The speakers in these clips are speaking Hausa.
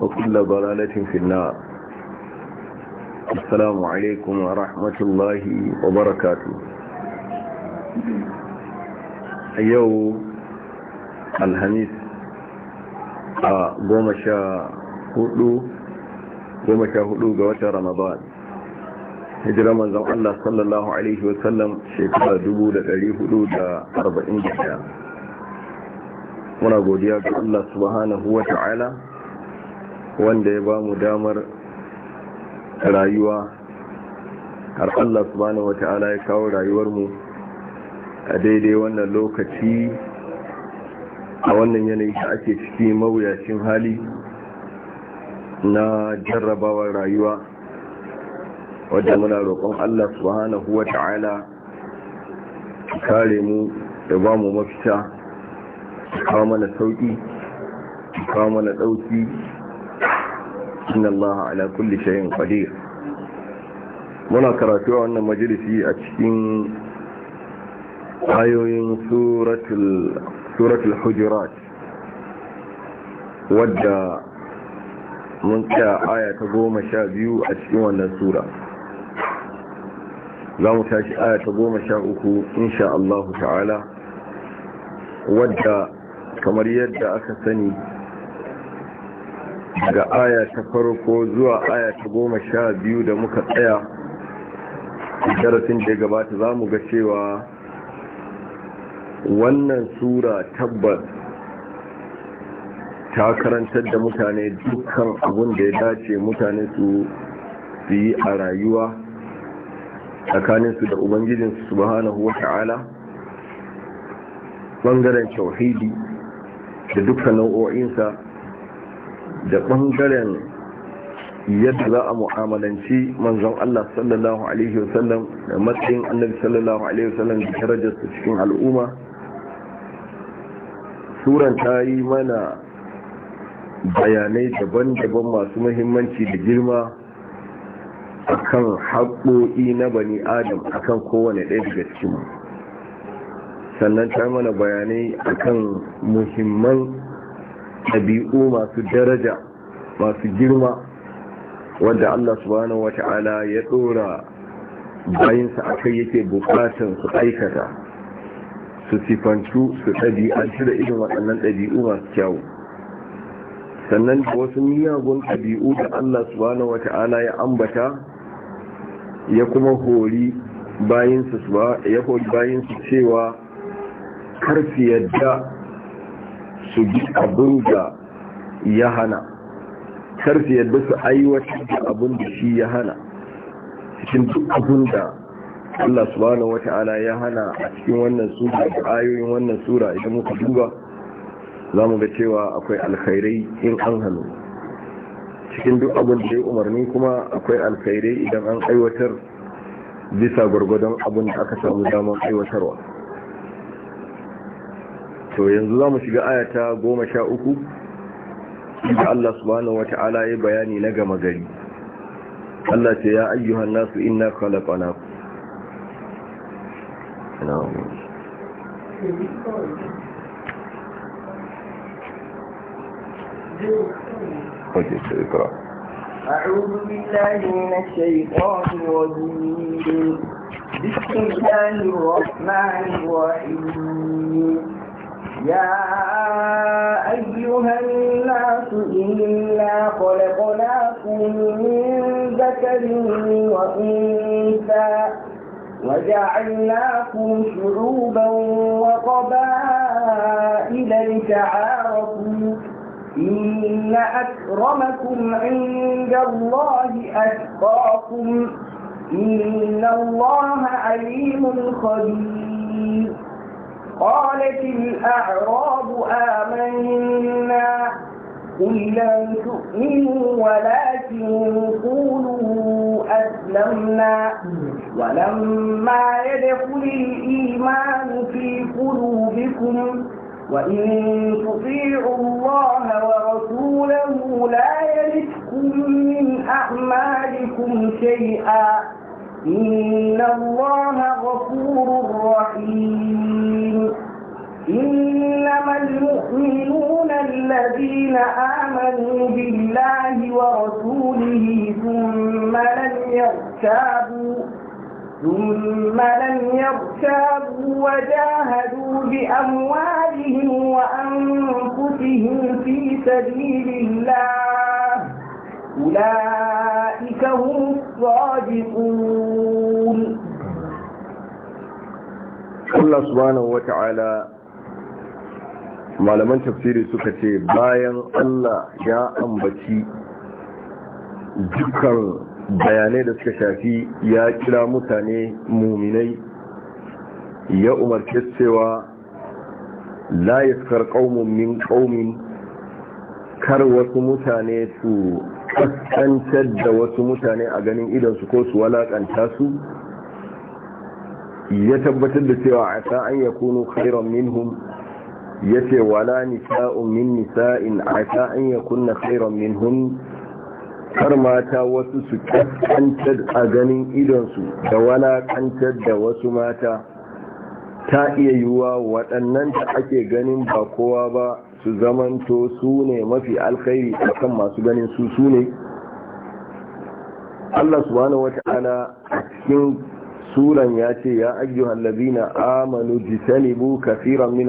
وكل ضلالة في النار السلام عليكم ورحمة الله وبركاته يو الهميس قوم شاء هدو قوم شاء هدو قوات رمضان هجر من زمان الله صلى الله عليه وسلم شكرا دبو لأليه هدو دا أربعين جدا muna godiya ga Allah subhanahu wa ta'ala wanda ya ba mu damar rayuwa har Allah subhanahu wata'ala ya kawo rayuwarmu a daidai wannan lokaci a wannan yanayi da ake ciki mawuyacin hali na jarrabawar rayuwa wadda muna roƙon Allah subhanahu wata'ala kare mu da ba mu mafita kawo mana sauƙi kawo mana ɗauki inna allaha ala kulli shay'in qadir muna karatu a wannan majalisi a cikin ayoyin suratul suratul hujurat wadda mun ta aya ta goma sha biyu a cikin wannan sura za mu tashi aya ta goma sha uku insha Allah ta'ala wadda kamar yadda aka sani daga aya ta farko zuwa aya ta goma sha biyu da muka tsaya darasin da ya gabata za mu ga cewa wannan sura tabbas ta karantar da mutane dukkan abin da ya dace mutane su yi a rayuwa tsakaninsu da ubangijinsu subhanahu wa ta'ala ɓangaren tauhidi da dukkan nau'o'insa da ɓangaren yadda za a mu'amalanci manzon Allah sallallahu alaihi wasallam da matsayin annabi sallallahu alaihi wasallam da darajarsa cikin al'umma suran ta yi mana bayanai daban-daban masu muhimmanci da girma akan haƙoƙi na bani adam akan kowane ɗaya daga cikinmu sannan ta mana bayanai akan muhimman ɗabi'u masu daraja masu girma wanda Allah subhanahu wata'ala ya ɗora bayansa a kai yake bukatan su aikata su sifantu su ɗabi'antu da irin waɗannan ɗabi'u masu kyawu sannan wasu miyagun ɗabi'u da Allah subhanahu wata'ala ya ambata ya kuma hori su cewa karfi yadda su bi abin da ya hana kar su yadda su aiwatar da abin da shi ya hana cikin duk abin da Allah subhanahu wata'ala ya hana a cikin wannan sura da ayoyin wannan sura idan muka duba za mu ga cewa akwai alkhairai in an hannu cikin duk abin da ya umarni kuma akwai alkhairai idan an aiwatar bisa gwargwadon abin da aka samu damar aiwatarwa to yanzu za mu shiga ayata goma sha uku inda Allah subhanahu wata'ala ya bayani na gama gari Allah ce ya ayyuhan nasu inna khalaqana Okay, so اقرأ أعوذ بالله من الشيطان الرجيم بسم الله الرحمن الرحيم يا أيها الناس إنا خلقناكم من ذكر وأنثى وجعلناكم شعوبا وقبائل لتعارفوا إن أكرمكم عند الله أتقاكم إن الله عليم خبير قالت الأعراب آمنا قل لم تؤمنوا ولكن قولوا أسلمنا ولما يدخل الإيمان في قلوبكم وإن تطيعوا الله ورسوله لا يلتكم من أعمالكم شيئا إن الله غفور رحيم إنما المؤمنون الذين آمنوا بالله ورسوله ثم لم يرتابوا ثم لم يرتابوا وجاهدوا بأموالهم وأنفسهم في سبيل الله أولئك هم الصادقون Allah subhanahu وتعالى malaman tafsiri suka ce bayan Allah ya ambaci dukkan bayanai da suka shafi ya kira mutane muminai ya umarce cewa la yaskar qaumun min qaumin kar wasu mutane su kaskantar da wasu mutane a ganin idansu ko su walakanta su ya tabbatar da cewa a sa an ya kunu khairan minhum ya ce wala nisa'un min nisa'in a sa an ya kunna khairan minhum har mata wasu su kaskantar a ganin idansu da walakantar da wasu mata ta iya yiwuwa waɗannan ta ake ganin ba kowa ba su zamanto su ne mafi alkhairi a kan masu ganin su su ne allah subhanahu wata'ala a cikin suran ya ce ya ayyuhan lazina amanu jitanibu kafiran min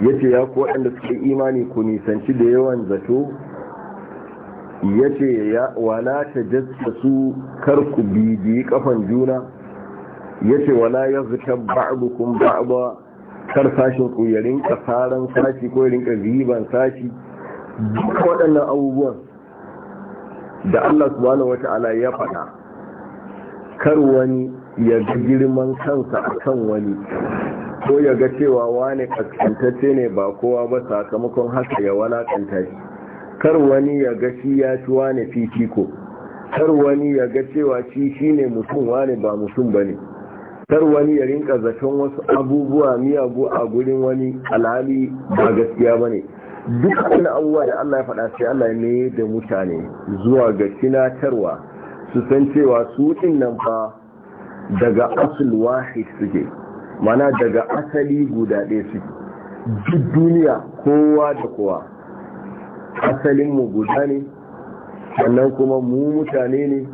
ya ce ya ku waɗanda suke imani ku nisanci da yawan zato ya ce ya wala su kar ku bibiyi kafan juna yace wala yazkab ba'dukum ba'da kar sashin ku ya saran sashi ko ya rinka sashi duk waɗannan abubuwan da Allah subhanahu wata'ala ya faɗa kar wani ya ga girman kansa a kan wani ko ya ga cewa wane kaskantacce ne ba kowa ba sakamakon haka ya walakanta shi kar wani ya ga shi ya ci wani fifiko kar wani ya ga cewa shi shine mutum wane ba mutum ba ne kar wani ya rinka zaton wasu abubuwa miyagu a gurin wani alhali ba gaskiya ba ne duk wani abubuwa da Allah ya faɗa sai Allah ne da mutane zuwa ga tinatarwa su san cewa su ɗin nan fa daga asul wahid suke mana daga asali guda ɗaya suke duk duniya kowa da kowa asalinmu guda ne sannan kuma mu mutane ne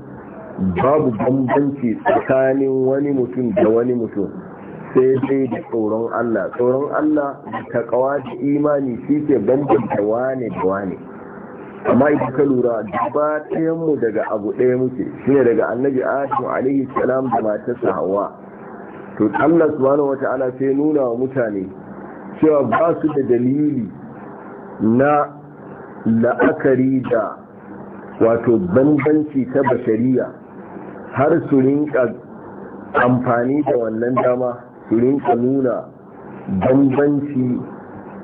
babu bambanci tsakanin wani mutum da wani mutum sai dai da tsoron Allah tsoron Allah ta kawa da imani shi ke bambanta wane da wane amma idan ka lura duba mu daga abu ɗaya muke shine daga annabi adamu alaihi salam da su hawa to Allah subhanahu wata'ala sai nuna wa mutane cewa ba su da dalili na la'akari da wato bambanci ta bashariya har su rinka amfani da wannan dama su rinka nuna bambanci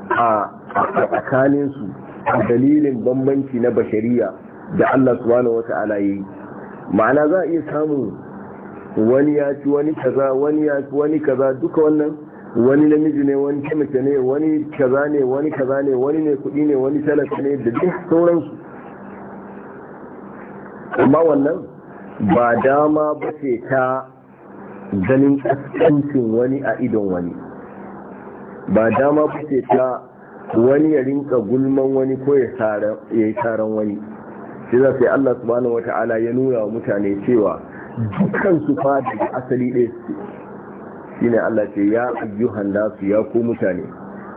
a tsakaninsu a dalilin bambanci na bashariya da Allah subhanahu wa ta'ala yi ma'ana za a iya samun wani ya ci wani kaza wani ya ci wani kaza duka wannan wani namiji ne wani kemike ne wani kaza ne wani kaza ne wani ne kudi ne wani talaka ne da duk sauransu amma wannan ba dama ba ce ta ganin ƙasƙancin wani a idon wani ba dama ba ce ta wani ya rinka gulman wani ko ya yi taron wani shi za sai Allah subhanahu wata'ala ya nuna wa mutane cewa dukkan su da asali ɗaya su ne Allah ce ya handa su ya ko mutane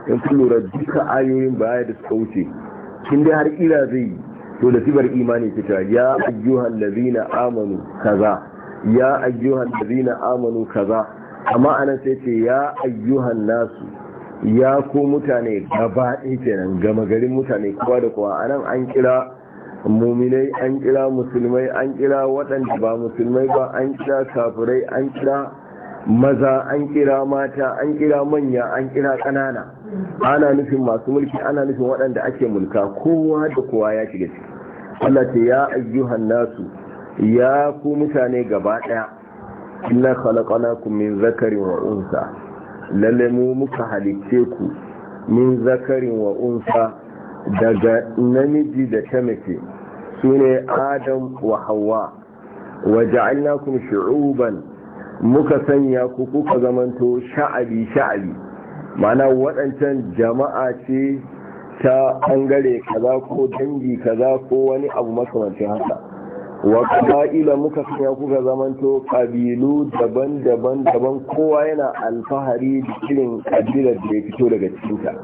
in kun lura duka ayoyin baya da suka wuce kin dai har ira zai yi to da sibar imani fita ya ayyuhan zina amanu kaza ya ayyuhan zina amanu kaza amma anan sai ce ya ayyuhan nasu ya ku mutane gaba kenan gama garin mutane kowa da kowa anan an kira muminai an kira musulmai an kira waɗanda ba musulmai ba an kira kafirai an kira maza an kira mata an kira manya an kira ƙanana ana nufin masu mulki ana nufin waɗanda ake mulka kowa da kowa ya shiga ciki Allah ce ya ayyuhan nasu ya ku mutane gaba ɗaya inna khalaqnakum min zakarin wa unsa lalle mu muka halicce ku min zakarin wa unsa daga namiji da ta mace sune adam wa hawa wa ja'alnakum shu'uban muka sanya ku kuka zamanto sha'abi sha'abi mana waɗancan jama'a ce ta ɓangare kaza ko dangi kaza ko wani abu makamancin haka wa ƙaba'ila muka sanya kuka zamanto ƙabilu daban-daban daban kowa yana alfahari da irin ƙabilar da ya fito daga cikinta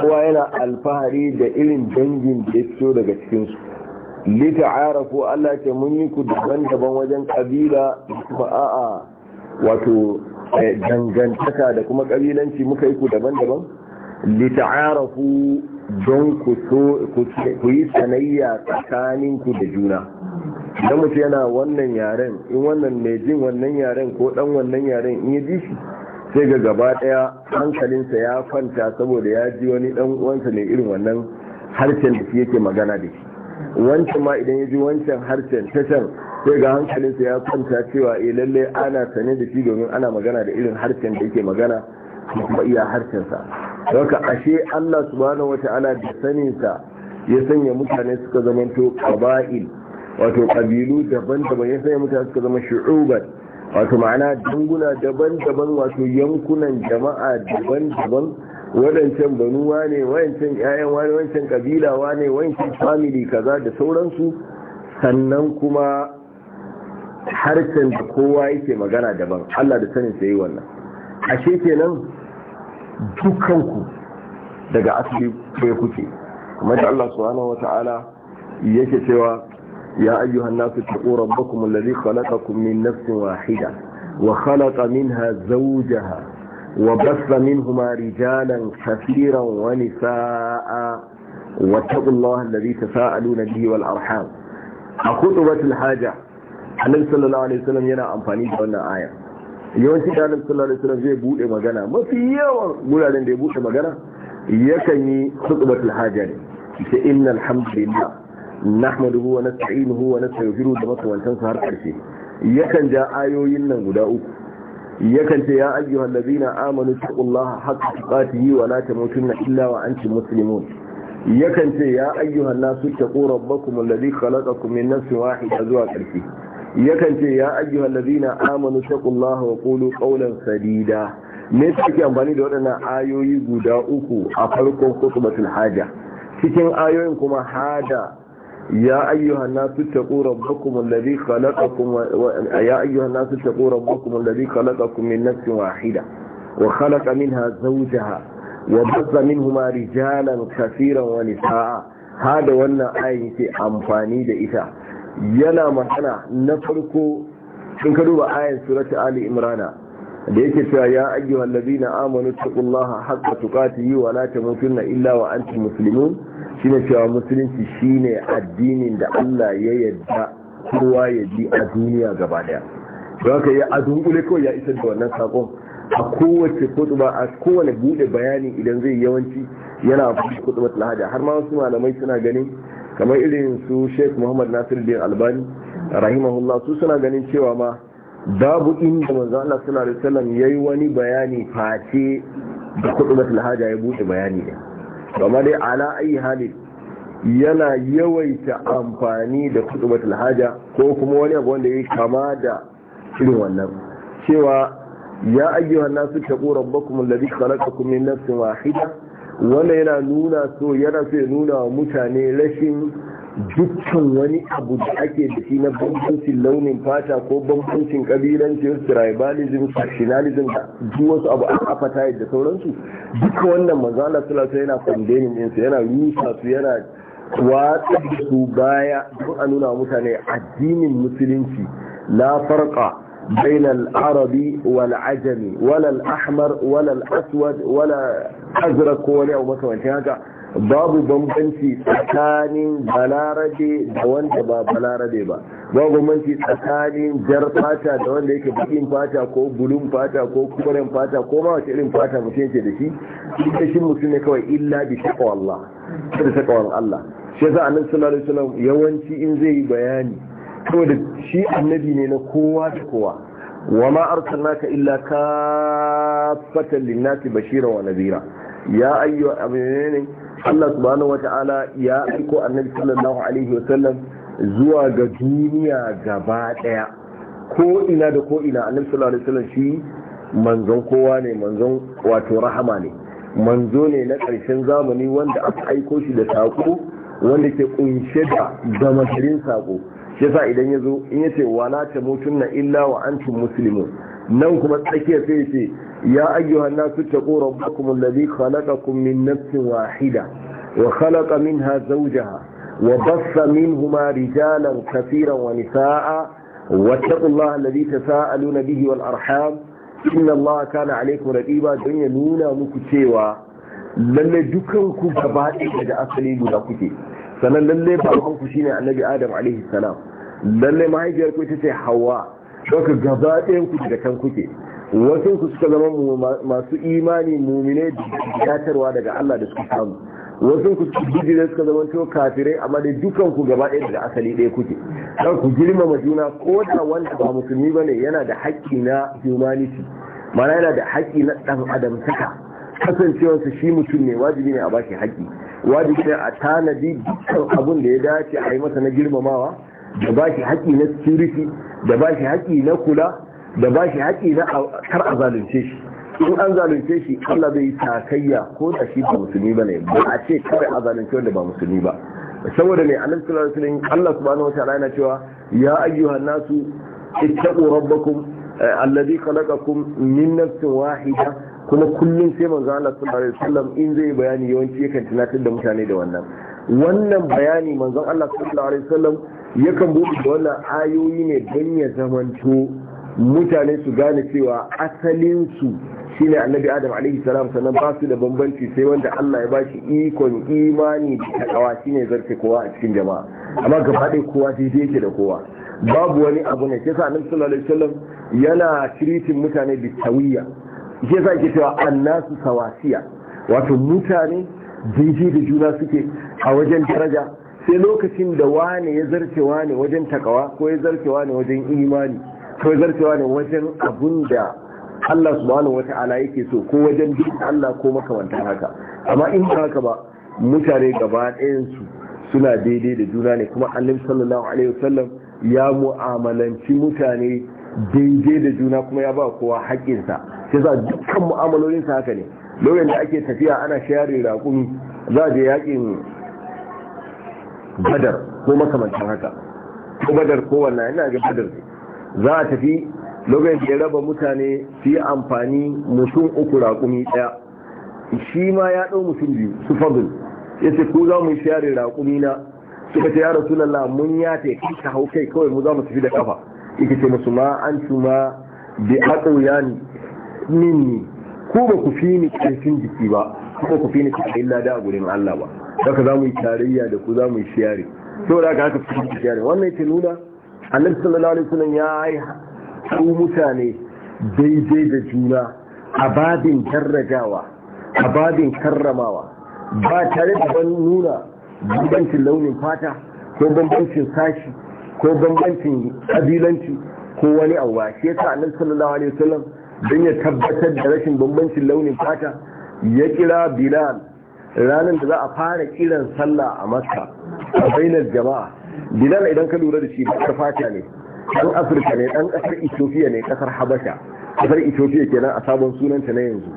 kowa yana alfahari da irin dangin da ya fito daga cikinsu lita arafu Allah ce mun yi ku daban-daban wajen kabila kuma a'a wato eh, dangantaka da kuma kabilanci muka yi ku daban-daban lita'arafu don ku yi sanayya ku da juna idan mutu yana wannan yaren in wannan mai jin wannan yaren ko dan wannan yaren in ya jishi, sai ga gaba daya hankalinsa ya kwanta saboda ya ji wani dan uwansa ne irin wannan harshen da shi yake magana da shi wancan ma idan ya ji wancan harshen tashan sai ga hankalinsa ya kwanta cewa eh lalle ana sane da shi domin ana magana da irin harshen da yake magana da kuma iya harshensa haka ashe Allah subhanahu wata'ala da saninsa ya sanya mutane suka to qaba'il wato kabilu daban-daban ya sanya mutane suka zama shu'ubat wato ma'ana danguna daban-daban wato yankunan jama'a daban-daban waɗancan banu wane wancan ƴaƴan wane wancan kabila wane wancan family kaza da sauransu sannan kuma harshen da kowa yake magana daban Allah da sanin sai wannan ashe kenan dukanku daga asali kai kuke kuma da Allah subhanahu wata'ala yake cewa ya ayyuhan nasu taqu rabbakum alladhi khalaqakum min nafsin wahida wa khalaqa minha zawjaha وبث منهما رجالا كثيرا ونساء واتقوا الله الذي تساءلون به والأرحام أخطبة الحاجة annabi sallallahu alaihi wasallam yana amfani da wannan aya yawanci da annabi sallallahu alaihi wasallam zai bude magana mafi yawan guraren da ya bude magana yakan yi khutbatul haja ne ce innal hamdulillah nahmaduhu wa nasta'inuhu wa nastaghfiruh da makamantan sa har karshe yakan ja ayoyin nan guda uku yakan ce ya ayyuhal ladina amanu taqullaha haqqa tuqatihi wa la tamutunna illa wa antum muslimun yakan ce ya ayyuhan nasu taqu rabbakum alladhi khalaqakum min nafsin wahida zuwa karfi yakan ce ya ayyuhan ladina amanu taqullaha wa qulu qawlan sadida me yasa amfani da waɗannan ayoyi guda uku a farkon khutbatul haja cikin ayoyin kuma hada يا أيها الناس اتقوا ربكم الذي خلقكم و... يا أيها الناس اتقوا ربكم الذي خلقكم من نفس واحدة وخلق منها زوجها وبث منهما رجالا كثيرا ونساء هذا وانا آية أمفاني لإتا يلا مثلا نفركو إن كدوب آية سورة آل إمرانا ليكت يا أيها الذين آمنوا اتقوا الله حق تقاته ولا تموتن إلا وأنتم مسلمون ne cewa musulunci shi ne addinin da Allah ya yadda kowa ya ji a duniya gaba daya don haka ya adunkule kawai ya isar da wannan sakon a kowace kutuba a kowane bude bayani idan zai yawanci yana kutuba lahaja har ma wasu malamai suna ganin kamar irin su Sheikh Muhammad Nasir bin Albani rahimahullah su suna ganin cewa ma babu inda manzo Allah sallallahu alaihi wasallam yayi wani bayani face da kutuba lahaja ya bude bayani ne amma dai ala ayi halin yana yawaita amfani da kutubatul haja ko kuma wani abu wanda ya kama da irin wannan cewa ya ayyuha nasu taqu rabbakum alladhi khalaqakum min nafsin wahida wannan yana nuna so yana so ya nuna wa mutane rashin dukkan wani abu da ake da shi na bambancin launin fata ko bambancin kabilancin tribalism factionalism da duk wasu abu an apatite da sauransu duka wannan manzala sulasa yana condemning yana rusa su yana watsa su baya don a nuna mutane addinin musulunci la farqa بين العربي والعجمي ولا الأحمر ولا الأسود ولا wani ولا أو مثلا babu bambanci tsakanin balarabe da wanda ba balarabe ba babu bambanci tsakanin jar fata da wanda yake bakin fata ko bulun fata ko kuren fata ko ma wace irin fata mutum yake da shi ita shi mutum ne kawai illa bi taqwa Allah da taqwa Allah shi yasa annabi sallallahu alaihi wasallam yawanci in zai yi bayani saboda shi annabi ne na kowa da kowa wama arsalnaka illa kaffatan lin-nasi bashiran wa nadhira ya ayyuha aminin Allah subhanahu wata'ala ya aiko annabi sallallahu alaihi wasallam zuwa ga duniya gaba daya ko ina da ko ina annabi sallallahu alaihi wasallam shi manzon kowa ne manzon wato rahama ne manzo ne na ƙarshen zamani wanda aka aiko shi da sako wanda ke kunshe da gamashirin sako shi yasa idan ya zo in yace wala mutunna illa wa antum muslimun nan kuma tsakiya sai ce. يا أيها الناس اتقوا ربكم الذي خلقكم من نفس واحدة وخلق منها زوجها وبث منهما رجالا كثيرا ونساء واتقوا الله الذي تساءلون به والأرحام إن الله كان عليكم رقيبا دنيا نونا مكتشيوا lalle dukanku gaba ɗaya da asali guda kuke sannan lalle babanku shine annabi adam alaihi salam lalle mahaifiyarku ita ce hawa doka gaba ɗayan ku daga can kuke wasu su suka zama masu imani mumine datarwa daga Allah da suka samu wasu ku bijire suka zama to kafirai amma dai dukan ku gaba ɗaya daga asali ɗaya kuke dan ku girmama juna ko da wanda ba musulmi bane yana da haƙƙi na humanity mana yana da haƙƙi na ɗan adam saka su shi mutum ne wajibi ne a bashi haƙƙi wajibi ne a tanadi dukkan abun da ya dace a yi masa na girmamawa da bashi haƙƙi na security da bashi haƙƙi na kula da ba shi haƙi na kar a zalunce shi in an zalunce shi Allah zai takayya ko da shi ba musulmi ba ne ba a ce kawai a zalunce wanda ba musulmi ba saboda ne annabi sallallahu alaihi wasallam Allah subhanahu wataala yana cewa ya ayyuhan nasu ittaqu rabbakum eh, alladhi khalaqakum min nafsin wahida kuma kullum sai manzo Allah sallallahu alaihi wasallam in zai bayani yawanci yakan tunatar da mutane da wannan wannan bayani manzon Allah sallallahu alaihi wasallam yakan buɗe da wannan ayoyi ne don ya zamanto mutane su gane cewa asalinsu shine annabi adam alaihi salam sannan ba su da bambanci sai wanda Allah ya ba shi ikon imani da takawa shine zarce kowa a cikin jama'a amma gaba ɗaya kowa daidai yake da kowa babu wani abu ne sai annabi sallallahu alaihi wasallam yana tiritin mutane da tawiya shi yasa yake cewa annasu sawasiya wato mutane daidai da juna suke a wajen daraja sai lokacin da wane ya zarce wane wajen takawa ko ya zarce wane wajen imani tozarcewa ne wajen abun da Allah subhanahu wa ta'ala yake so ko wajen duk Allah ko makamanta haka amma in ba haka ba mutane gaba su suna daidai da juna ne kuma Allah sallallahu alaihi wasallam ya mu'amalanci mutane daidai da juna kuma ya ba kowa haƙƙinsa sai za dukkan mu'amalolinsa haka ne lokacin da ake tafiya ana share raƙumi za je yaƙin badar ko makamantan haka ko badar ko wannan ina ga badar ne za a tafi lokacin da ya raba mutane su yi amfani mutum uku raƙumi ɗaya shi ma ya ɗau mutum biyu su fadul ya ce ku za mu share raƙumi na suka ce ya rasu lalla mun ya ce kai ka hau kai kawai mu za mu tafi da kafa yake ce musu ma an cuma bi haƙo ya minni Ku ba ku fi ni ƙarfin jiki ba ko ku fi ni ƙarfin lada a gurin Allah ba ka za mu yi tarayya da ku za mu yi share saboda haka haka fi share wannan ce nuna annabi sallallahu alaihi wasallam ya yi su mutane daidai da juna a babin karragawa a babin karramawa ba tare da ban nuna bambancin launin fata ko bambancin sashi ko bambancin kabilanci ko wani abu ba shi yasa annabi sallallahu alaihi wasallam don ya tabbatar da rashin bambancin launin fata ya kira bilal ranar da za a fara kiran sallah a makka a bainar jama'a bilal idan ka lura da shi da fata ne dan afirka ne dan kasar ethiopia ne kasar habasha kasar ethiopia kenan a sabon sunanta na yanzu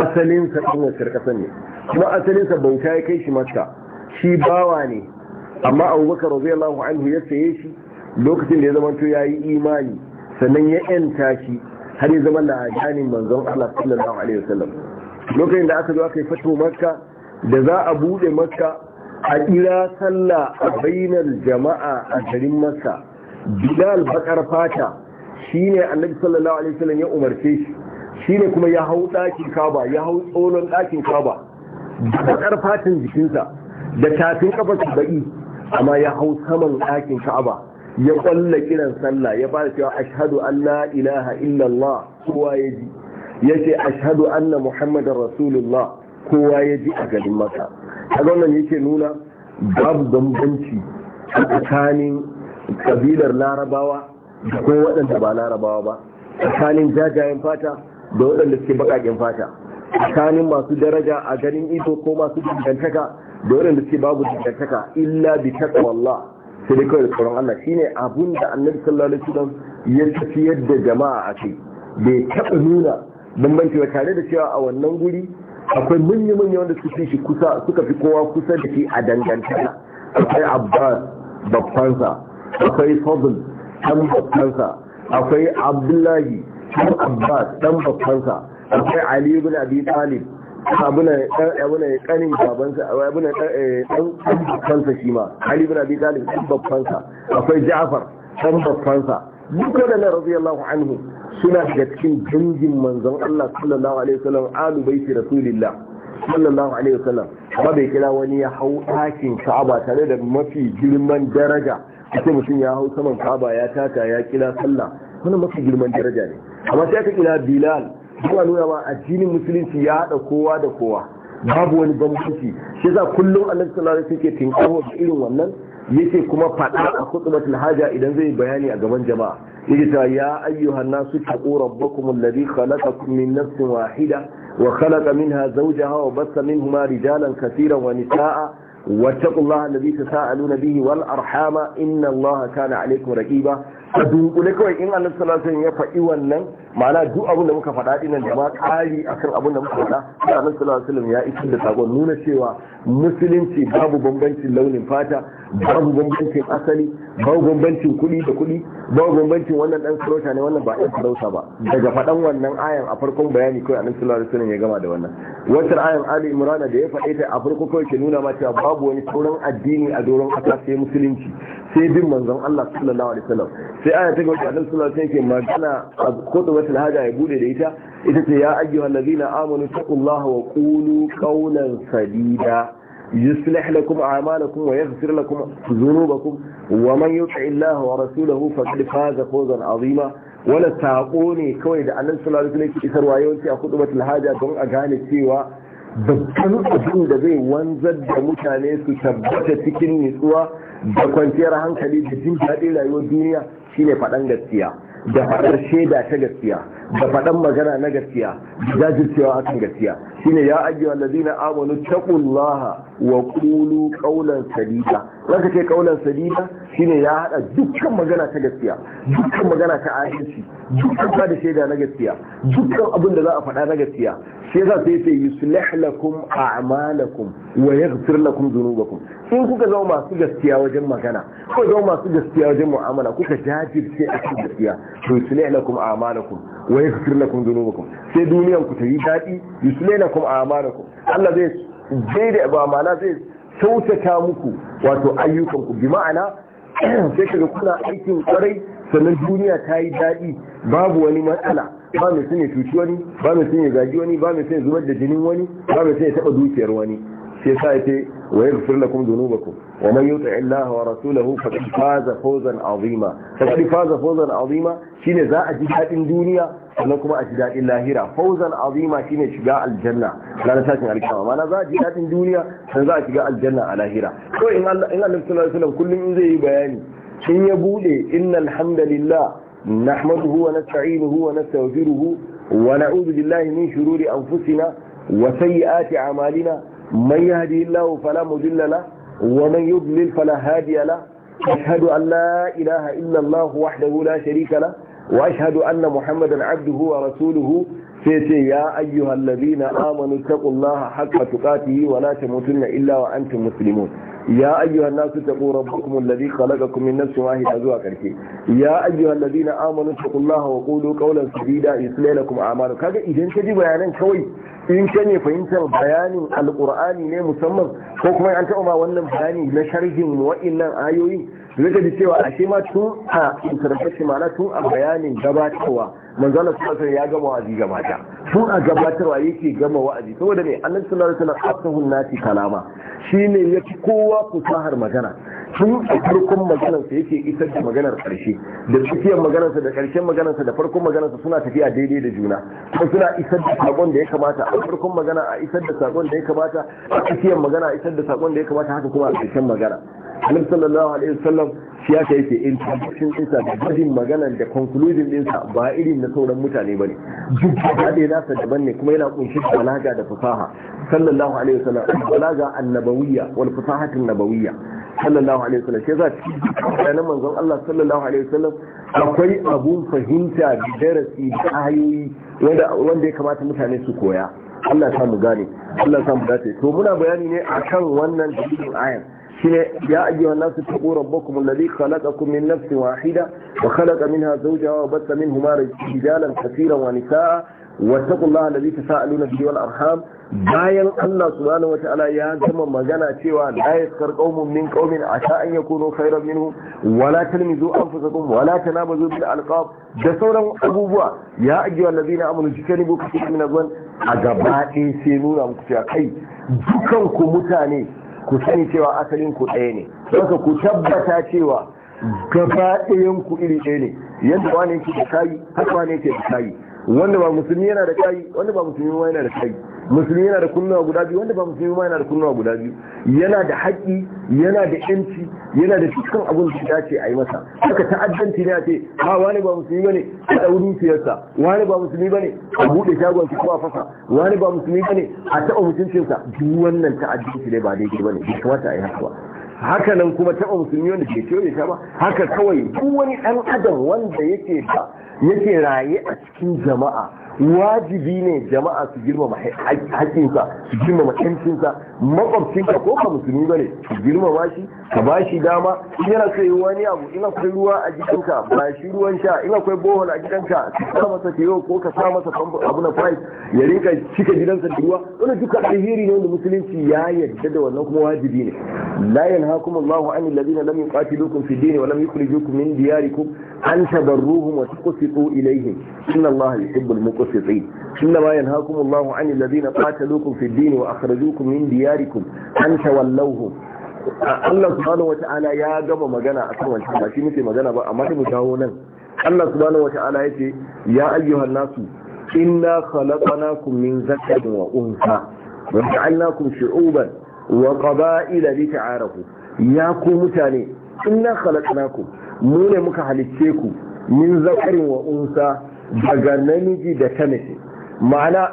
asalin sa dan wasar ne kuma asalinsa sa bauta ya kai shi makka shi bawa ne amma abubakar radiyallahu anhu ya saye shi lokacin da ya zama to yi imani sannan ya yanta shi har ya zama la'ajanin manzon Allah sallallahu alaihi wasallam lokacin da aka zo aka yi fatu makka da za a buɗe makka a ira sallah a bainar jama'a a garin masa bilal bakar fata shine annabi sallallahu alaihi wasallam ya umarce shi shine kuma ya hau ɗakin kaba ya hau tsolon ɗakin kaba da bakar fatan jikinsa da tafin kafarsa baƙi amma ya hau saman ɗakin kaba ya kwalla kiran sallah ya fara cewa ashhadu an la ilaha illallah kowa ya ji yace ashhadu anna muhammadar rasulullah kowa ya ji a garin masa a wannan yake nuna babu bambanci tsakanin kabilar larabawa da kuma waɗanda ba larabawa ba tsakanin jajayen fata da waɗanda suke baƙaƙen fata tsakanin masu daraja a ganin ido ko masu dangantaka da waɗanda suke babu dangantaka illa bi taqwallah sai dai kawai tsoron Allah shine abun da Annabi sallallahu alaihi wasallam ya tafiyar da jama'a ake. bai taɓa nuna bambanci ba tare da cewa a wannan guri akwai manya-manya wanda suka fi kusa suka fi kowa kusa da shi a dangantaka akwai abbas babbansa akwai fadl dan babbansa akwai abdullahi dan abbas dan babbansa akwai ali ibn abi talib abuna abuna kanin babansa abuna dan eh, babbansa shi ma ali ibn abi talib dan babbansa akwai ja'far dan babbansa duka da radiyallahu anhu suna daga cikin dangin manzon Allah sallallahu alaihi wasallam alu baiti rasulillah sallallahu alaihi wasallam amma bai kira wani ya hau ɗakin Ka'aba tare da mafi girman daraja ake mutum ya hau saman Ka'aba ya tata ya kira sallah wani mafi girman daraja ne amma sai ka kira Bilal zuwa nuna ma addinin musulunci ya haɗa kowa da kowa babu wani bambanci shi za kullum annabi sallallahu alaihi wasallam yake tinkawo irin wannan yake kuma faɗa a kutubatul haja idan zai bayani a gaban jama'a yake ta ya ayyuhan nasu taqu rabbakum alladhi khalaqakum min nafsin wahida wa khalaqa minha zawjaha wa bassa minhuma rijalan katiran wa nisaa'a wattaqullaha alladhi tasaaluna bihi wal arhama inna allaha kana alaykum raqiba a dunkule kawai in annabi sallallahu alaihi ya faɗi wannan ma'ana duk abin da muka faɗa dinan da ma ƙari akan abin da muka faɗa sai annabi sallallahu alaihi ya isar da sakon nuna cewa musulunci babu bambancin launin fata babu bambancin asali babu bambancin kuɗi da kuɗi babu bambancin wannan ɗan sarauta ne wannan ba ɗan sarauta ba daga faɗan wannan ayan a farkon bayani kawai annabi sallallahu alaihi ya gama da wannan wata ayan ali imrana da ya faɗe ta a farko kawai ke nuna ma cewa babu wani sauran addini a doron ƙasa sai musulunci sai bin manzon Allah sallallahu alaihi wasallam sai aya ta gaba annabi sallallahu alaihi wasallam magana a kudu wata haja ya bude da ita ita ce ya ayyuhal ladina amanu taqullaha wa qulu qawlan sadida يصلح لكم أعمالكم ويغفر لكم ذنوبكم ومن يطع الله ورسوله فقد فاز فوزا عظيما ولا ساقوني kawai da annabi sallallahu alaihi wasallam isar wayoyi a kudu wata haja don a gane cewa babban abin da zai wanzar da mutane su tabbata cikin nutsuwa da kwanciyar hankali da jin daɗin rayuwar duniya shine faɗan gaskiya da faɗar shaida ta gaskiya da faɗan magana na gaskiya jajircewa akan gaskiya shine ya ayyuhal na amanu taqullaha wa qulu qawlan sadida zaka ce qawlan sadida shine ya hada dukkan magana ta gaskiya dukkan magana ta adalci dukkan ba da shaida na gaskiya dukkan abin da za a faɗa na gaskiya sai za sai sai yuslih lakum a'malakum wa yaghfir lakum dhunubakum in kuka zama masu gaskiya wajen magana kuka zama masu gaskiya wajen mu'amala kuka jajirce a cikin gaskiya to yuslih lakum a'malakum wa yaghfir lakum dhunubakum sai duniyan ku ta yi dadi lakum a'malakum Allah zai daidai ba ma'ana zai sautata muku wato ayyukan ku bi ma'ana sai kaga kuna aikin kwarai sannan duniya ta yi daɗi babu wani matsala ba mai sun ya cuci wani ba mai sun ya wani ba mai sun ya zubar da jinin wani ba mai sun ya taɓa dukiyar wani shi yasa yace wa yaghfir lakum dhunubakum wa man yuti Allah wa rasulahu faqad faza fawzan azima faqad faza fawzan azima shine za a ji dadin duniya sannan kuma a ji dadin lahira fawzan azima shine shiga aljanna ranar tashin alkiyama mana za a ji dadin duniya sannan za a shiga aljanna a lahira to in Allah in Allah sallallahu alaihi wasallam kullun in zai yi bayani in ya bude innal hamdalillah نحمده ونستعينه ونستغفره ونعوذ بالله من شرور أنفسنا وسيئات amalina. من يهدي الله فلا مضل له ومن يضلل فلا هادي له أشهد أن لا إله إلا الله وحده لا شريك له وأشهد أن محمدا عبده ورسوله سيتي يا أيها الذين آمنوا اتقوا الله حق تقاته ولا تموتن إلا وأنتم مسلمون يا أيها الناس اتقوا ربكم الذي خلقكم من نفس واحدة زوا كركي يا أيها الذين آمنوا اتقوا الله وقولوا قولا سديدا يصلح لكم أعمالكم كذا إذا كذي بيانا كوي in ka fahimtar bayanin alkur'ani ne musamman ko kuma an taɓa ma wannan bayani na sharhin wa'innan ayoyi zaka ji cewa ashe ma tun a interpretation ma'ana tun a bayanin gabatarwa manzala sallallahu alaihi ya gama wa'azi ga mata tun a gabatarwa yake gama wa'azi saboda me annabi sallallahu alaihi wasallam asahun nati kalama shine yafi kowa fusahar magana tun a farkon maganar sa yake isar da maganar karshe da tsakiyar maganar sa da karshen maganar sa da farkon maganar sa suna tafiya daidai da juna kuma suna isar da sakon da ya kamata a farkon magana a isar da sakon da ya kamata a tsakiyar magana a isar da sakon da ya kamata haka kuma a karshen magana sallallahu alaihi wasallam shi aka yake introduction isa, da gwajin magana da conclusion dinsa ba irin na sauran mutane ba ne ya da nasa daban ne kuma yana kunshi balaga da fasaha sallallahu alaihi wasallam balaga annabawiyya wal fasahatin nabawiyya sallallahu alaihi wasallam shi yasa cikin manzon Allah sallallahu alaihi wasallam akwai abun fahimta da darasi da ayoyi wanda ya kamata mutane su koya Allah ya samu gane Allah ya samu dace to muna bayani ne akan wannan dalilin ayar shine ya ayyuhan nasu taqu rabbakum alladhi khalaqakum min nafsin wahida wa khalaqa minha zawjaha wa batha minhuma rijalan katiran wa nisaa واتقوا الله الذي تساءلون به والارحام bayan Allah subhanahu wataala ya zama magana cewa la yaskar qaumun min qaumin asa an yakunu khairan minhum wala talmizu anfusakum tanabazu bil alqab da sauran abubuwa ya ajiye allazina amanu jikanibu kaseeran min azwan a gaba ɗaya sai nuna muku cewa kai dukan ku mutane ku sani cewa asalin ku ɗaya ne saka ku tabbata cewa gaba ɗayan ku iri ɗaya ne yadda wani yake da kayi haka wani yake da kayi wanda ba musulmi yana da kayi wanda ba musulmi yana da kayi musulmi yana da kunnuwa guda biyu wanda ba musulmi ma yana da kunnuwa guda biyu yana da haƙƙi yana da yanci yana da dukkan abin da ya dace a yi masa haka ta'addanci ne a ce ha wani ba musulmi bane a ɗau dukiyarsa wani ba musulmi bane a buɗe shagon shi kuma fasa wani ba musulmi bane a taɓa mutuncinsa duk wannan ta'addanci ne ba daidai bane bai kamata a yi haka ba haka nan kuma taɓa musulmi wanda ke ciwo ya ba haka kawai duk wani ɗan adam wanda yake da yake raye a cikin jama'a wajibi ne jama'a su girmama haƙƙinsa su girmama ƴancinsa makwabcinka ko ka musulmi bane su girmama shi ka ba shi dama in yana so yi wani abu in akwai ruwa a gidanka ba shi ruwan sha in akwai bohol a gidanka ka sa masa tiyo ko ka sa masa abu na fai ya rinka cika gidansa da ruwa wannan duka alheri ne wanda musulunci ya yarda da wannan kuma wajibi ne la yanhaakum Allahu anil ladina lam yuqatilukum fid din wa lam yukhrijukum min diyarikum an tabarruhum wa tuqsitu ilayhim inna Allaha yuhibbul muqsitin المقسطين إنما ينهاكم الله عن الذين قاتلوكم في الدين وأخرجوكم من دياركم أن تولوهم Allah subhanahu ya gaba magana a kan wancan ba shi muke magana ba amma mu dawo nan Allah subhanahu wata'ala yace ya ayyuhan nasu inna khalaqnakum min zakarin wa unsa wa ja'alnakum shu'uban wa qaba'ila lita'arafu ya ku mutane mu ne muka halicce ku min wa unsa daga namiji da ta mace ma'ana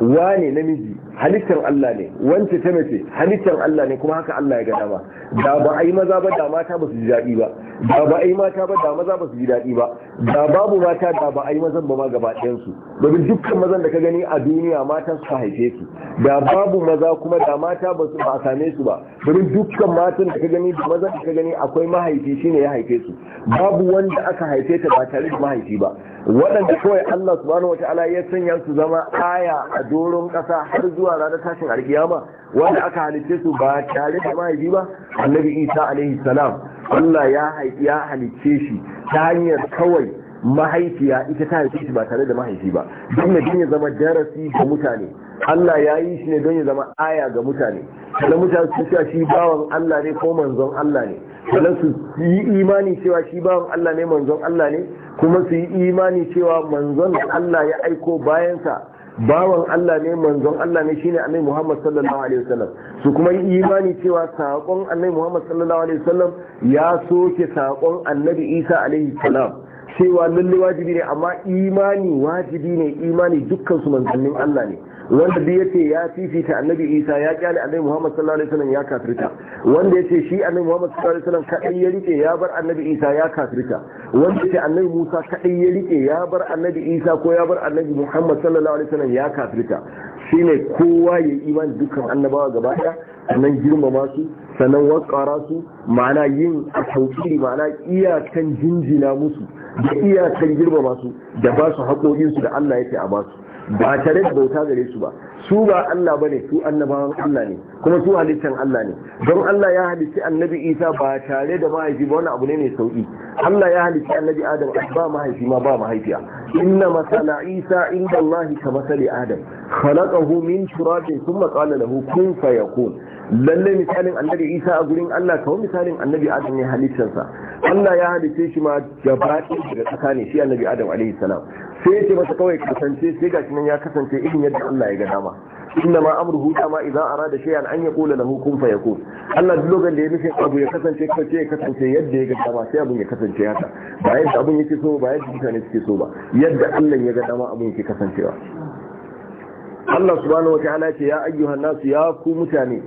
wane namiji halittar Allah ne wance ta mace halittar Allah ne kuma haka Allah ya ga dama da ba a yi maza ba da mata ba su ji daɗi ba da ba a yi mata ba da maza ba su ji daɗi ba da babu mata da ba a yi mazan ba ma gaba ɗayansu domin dukkan mazan da ka gani a duniya mata su haife su da babu maza kuma da mata ba su ba a same su ba domin dukkan matan da ka gani da mazan da ka gani akwai mahaifi shine ya haife su babu wanda aka haife ta ba tare da mahaifi ba waɗanda kawai Allah subhanahu wataala ya sanya su zama aya a doron ƙasa har zuwa zuwa ranar tashin alkiyama wanda aka halitta su ba tare da mahaifi ba annabi isa alaihi salam allah ya ya halicce shi ta hanyar kawai mahaifiya ita ta halitta shi ba tare da mahaifi ba don ya ya zama darasi ga mutane Allah ya yi shi ne don ya zama aya ga mutane sannan mutane su cewa shi bawan Allah ne ko manzon Allah ne sannan su yi imani cewa shi bawan Allah ne manzon Allah ne kuma su yi imani cewa manzon Allah ya aiko bayansa bawan Allah ne manzon Allah ne shine annabi Muhammad sallallahu alaihi wasallam su kuma yi imani cewa sakon annabi Muhammad sallallahu alaihi wasallam ya soke sakon annabi Isa alaihi salam cewa lalle wajibi ne amma imani wajibi ne imani dukkan su manzannin Allah ne wanda duk yake ya fifita annabi isa ya kyale annabi muhammad sallallahu alaihi wasallam ya kafirta wanda yace shi annabi muhammad sallallahu alaihi wasallam kadai ya rike ya bar annabi isa ya kafirta wanda yace annabi musa kadai ya rike ya bar annabi isa ko ya bar annabi muhammad sallallahu alaihi wasallam ya kafirta shine kowa ya imani dukkan annabawa gaba daya sannan girmama su sannan wakara su ma'ana yin a taukiri ma'ana iyakan jinjina musu da iyakan girmama su da ba su haƙoƙinsu da Allah yake a basu. ba tare da bauta gare su ba su ba Allah bane su annabawan Allah ne kuma su halittan Allah ne don Allah ya halitti annabi Isa ba tare da mahaifi ba wani abu ne mai sauki Allah ya halitti annabi Adam ba mahaifi ma ba mahaifiya inna masala Isa inda Allah ka masali Adam khalaqahu min turabin thumma qala lahu kun fayakun lalle misalin annabi Isa a gurin Allah kawai misalin annabi Adam ne halittarsa Allah ya halitte shi ma gabaɗi daga tsakani shi annabi Adam alaihi salam sai ya ce masa kawai kasance sai gashi nan ya kasance irin yadda Allah ya ga dama ba inna ma amruhu kama idan arada shay'an an yaqula lahu kun fayakun Allah duk lokacin da ya nufin abu ya kasance kace ya kasance yadda ya ga dama sai abun ya kasance haka ba yadda abun yake so ba yadda mutane suke so ba yadda Allah ya ga dama abun yake kasancewa Allah subhanahu wataala ce ya ayyuhan nasu ya ku mutane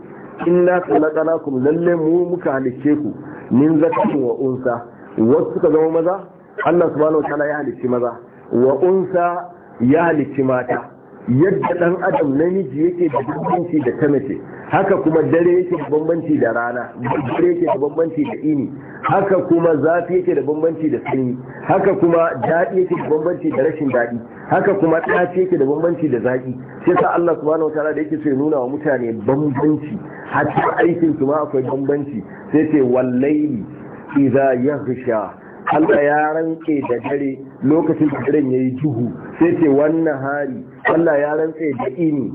inna khalaqnakum lalle mu muka halicce ku min zakarin wa unsa wasu suka zama maza Allah subhanahu wataala ya halicci maza wa unsa ya halicci mata yadda dan adam namiji yake da bambanci da ta mace haka kuma dare yake da bambanci da rana dare yake da bambanci da ini haka kuma zafi yake da bambanci da sanyi haka kuma daɗi yake da bambanci da rashin daɗi haka kuma ɗaci yake da bambanci da zaƙi sai sa Allah subhanahu wataala da yake so ya nuna wa mutane bambanci hatta aikin su ma akwai bambanci sai ce wallahi idza yaghsha Allah ya ranke da dare lokacin da ya yi juhu sai ce wannan hari Allah ya rantse da ini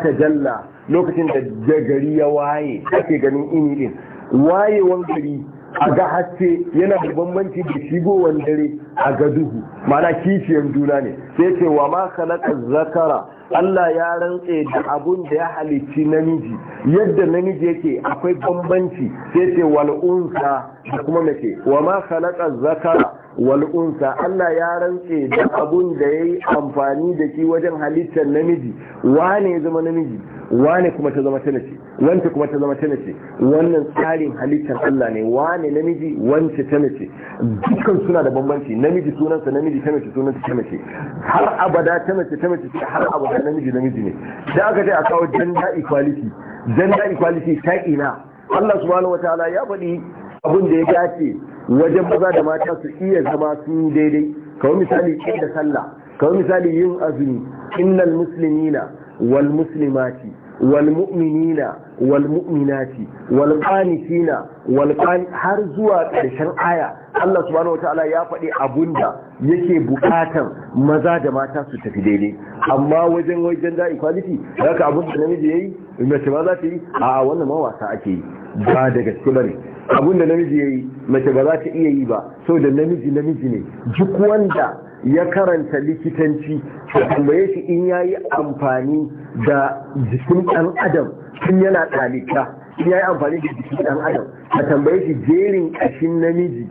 ta jalla? lokacin da gari ya waye ake ganin ini din wayewan gari a ga haske yana da bambanci da shigowan dare a ga duhu ma'ana kishiyar juna ne sai ce wa ma khalaqa zakara Allah ya rantse da abun da ya halicci namiji yadda namiji yake akwai bambanci sai ce wal unsa da kuma mace wa ma khalaqa zakara wal unsa Allah ya rantse da abun da yayi amfani da shi wajen halittar namiji wane ya zama namiji wane kuma ta zama tana ce wance kuma ta zama tana ce wannan tsarin halittar Allah ne wane namiji wance tana ce dukkan suna da bambanci namiji sunansa namiji tana ce sunansa tana ce har abada tana ce tana ce har abada mata namiji namiji ne da aka ce a kawo gender equality gender equality ta ina Allah subhanahu wataala ya faɗi abin da ya dace wajen maza da mata su iya zama sun daidai kawai misali ce da sallah kawai misali yin azumi innal muslimina wal muslimati wal mu'minina wal mu'minati wal qanitina wal har zuwa ƙarshen aya Allah subhanahu wataala ya faɗi abunda yake bukatar maza da mata su tafi daidai amma wajen wajen da equality ka abin da namiji ya yi? mace ba za ta yi a wannan ma wasa ake yi ba da gaske bane abin da namiji ya yi mace ba za ta iya yi ba da namiji namiji ne duk wanda ya karanta likitanci tambaye shi in ya yi amfani da jikin ɗan adam tun yana ɗalika in ya yi amfani da jikin ɗan adam a tambaye shi jerin ƙashin namiji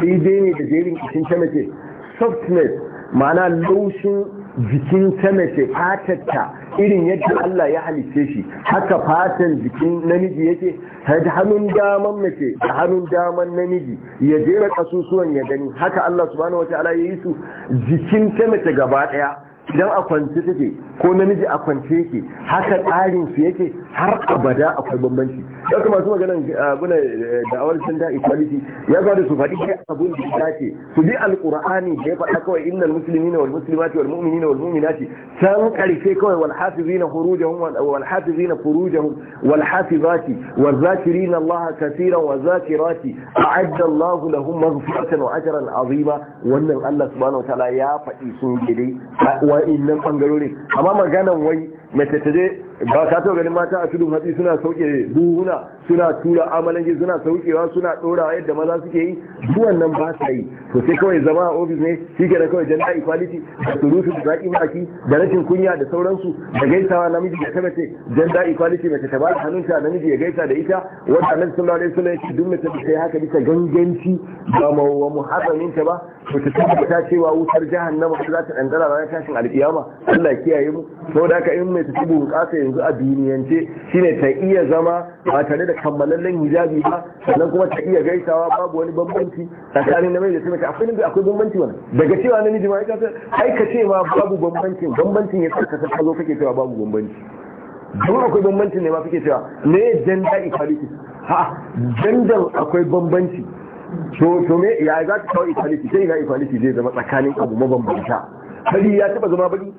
daidai ne da jerin ƙashin ta mace softness ma'ana laushin jikin ta mace fatatta irin yadda Allah ya halice shi haka fatan jikin namiji yake hannun daman mace da hannun daman namiji ya jera kasusuwan ya gani haka Allah subhanahu ta'ala ya yi su jikin ta mace gaba daya idan a kwance take ko namiji a kwance yake haka tsarin su yake har abada akwai bambanci ya kuma masu magana guna eh, eh, da'awar gender equality ya ga da su faɗi kai abun da ya ce su bi alqur'ani da ya faɗa kawai innal muslimina wal muslimati wal mu'minina wal mu'minati san karfe kawai wal hafizina furujahum wal hafizina furujahum wal hafizati wal zakirina Allah kaseeran wal zakirati a'adda Allah lahum maghfiratan wa ajran azima wannan Allah subhanahu wa ta'ala ya faɗi sun gidi nan bangarorin amma maganan wai mace ta je ba ka to ganin mata a tudun hatsi suna sauke buhuna suna tura amalanji suna saukewa suna dora yadda maza suke yi duwan nan ba sa yi to sai kawai zama a ofis ne shi da kawai jana equality da surutu da zaƙi maki da rashin kunya da sauransu da gaisawa namiji da ta mace equality mace ta ba da hannunta namiji ya gaisa da ita wanda nan sallallahu alaihi wasallam ya ce duk mace ta yi haka bisa ganganci ba wa ta ba to ta tabbata cewa wutar jahannama za ta dandara ranar tashin alƙiyama Allah ya kiyaye mu saboda haka in da tafi bunƙasa yanzu a duniyance ne ta iya zama ba tare da kammalallen hijabi ba sannan kuma ta iya gaisawa babu wani bambanci tsakanin namiji da mace akwai namiji akwai bambanci wani daga cewa na ma ya ai ka ce ma babu bambancin bambancin ya tsaka ka zo kake cewa babu bambanci don akwai bambanci ne ma kake cewa me gender equality ha dandan akwai bambanci to to me ya za ka kawo equality sai ga equality zai zama tsakanin abu mabambanta fari ya taba zama bari?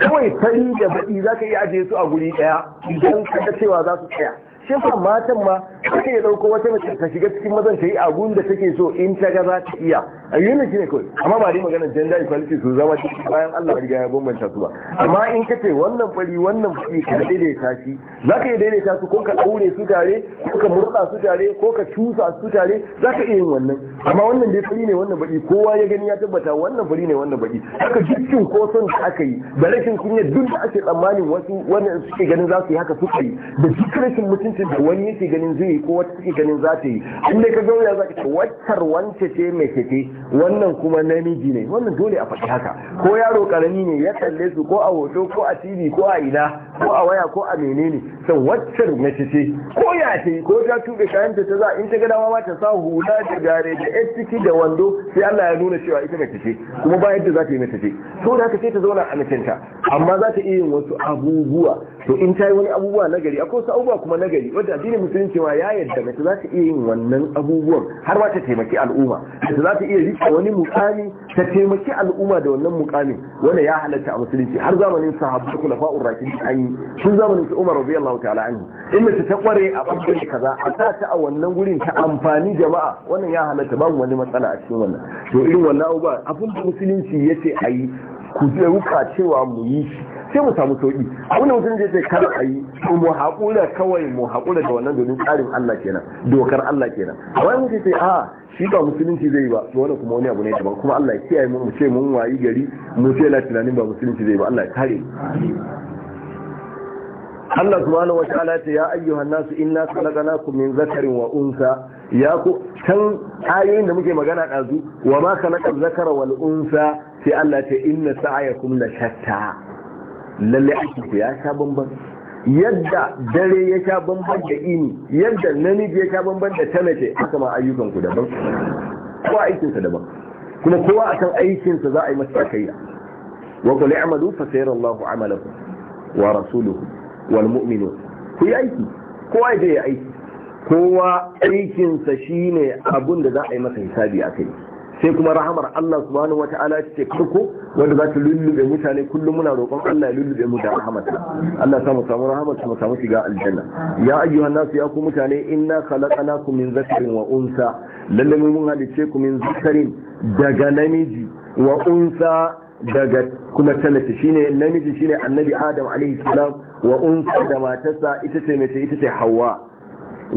kawai fari da baki za ka iya ajiye su a guri ɗaya, idan ka cewa za su tsaya shi fa matan ma take ya dauko wata mace ta shiga cikin mazan ta yi abun da take so in ta ga za ta iya ayyuna shi ne kawai amma ba dai maganar gender equality su zama shi bayan Allah riga ya bambanta su ba amma in ka ce wannan fari wannan fari ka daidaita shi za ka iya daidaita su ko ka ɗaure su tare ko ka murɗa su tare ko ka cusa su tare za ka iya yin wannan amma wannan dai fari ne wannan baɗi kowa ya gani ya tabbata wannan fari ne wannan baɗi haka dukkin ko son da aka yi da rashin kunya duk da ake tsammanin wasu wannan suke ganin za su yi haka suka yi da duk rashin mutuncin da wani yake ganin zai yi ko wata suke ganin za ta yi in dai ka ga za ka ce waccar wance ce mai ce wannan kuma namiji ne wannan dole a faɗi haka ko yaro karami ne ya kalle su ko a hoto ko a tv ko a ina ko a waya ko a menene san waccan mace ce ko ya ce ko ta tuɓe kayan ta za in ta ga dama ta sa hula da gare da yan ciki da wando sai Allah ya nuna cewa ita mace ce kuma bayan da za ta yi mace ce so da haka sai ta zauna a macinta amma za ta iya yin wasu abubuwa to in ta yi wani abubuwa na gari akwai wasu abubuwa kuma na gari wadda addinin musulunci ma ya yadda mace za ta iya yin wannan abubuwan har ma ta taimaki al'umma mace za ta iya rika wani mukami ta taimaki al'umma da wannan mukamin wanda ya halatta a musulunci har zamanin sahabbai kulafa'ur rashidin an yi tun zamanin su Umar radiyallahu ta'ala anhu in mace ta kware a bangare kaza a sa ta a wannan gurin ta amfani jama'a wannan ya halatta babu wani matsala a cikin wannan to irin wannan abubuwa abin da musulunci yace ayi ku zai cewa mu yi shi sai mu samu sauki abin da mutum zai ce kar a yi mu haƙura kawai mu haƙura da wannan domin tsarin Allah kenan dokar Allah kenan a wani mutum ce a shi ba musulunci zai ba to wannan kuma wani abu ne daban kuma Allah ya kiyaye mu mu ce mun wayi gari mu ce la tunanin ba musulunci zai ba Allah ya kare Allah subhanahu wataala ce ya ayyuhan nasu inna khalaqnakum min zakarin wa unsa ya ku can ayoyin da muke magana dazu wa ma khalaqa zakara wal unsa sai Allah ce inna sa'ayakum la shatta lalle aikinsa ya sha bamban yadda dare ya sha bamban da ini yadda namiji ya sha bamban da talace haka ma ayyukan ku daban kowa aikinsa daban kuma kowa akan aikinsa za a yi masa kaiya wa qul i'malu fa sayara 'amalakum wa rasuluhu wal mu'minun ku yi aiki kowa ya je ya aiki kowa aikinsa shine abun da za a yi masa hisabi a kai. sai kuma rahamar Allah subhanahu wa ta'ala ce farko wanda za ta lullube mutane kullum muna roƙon Allah ya lullube mu da rahamarsa Allah ya samu samu rahamarsa mu samu shiga aljanna ya ayyuhan nasu ya ku mutane inna khalaqnakum min dhakarin wa unsa lalle mun halice ku min dhakarin daga namiji wa unsa daga kuma talata shine namiji shine annabi adam alaihi salam wa unsa da matarsa ita ce mace ita ce hawa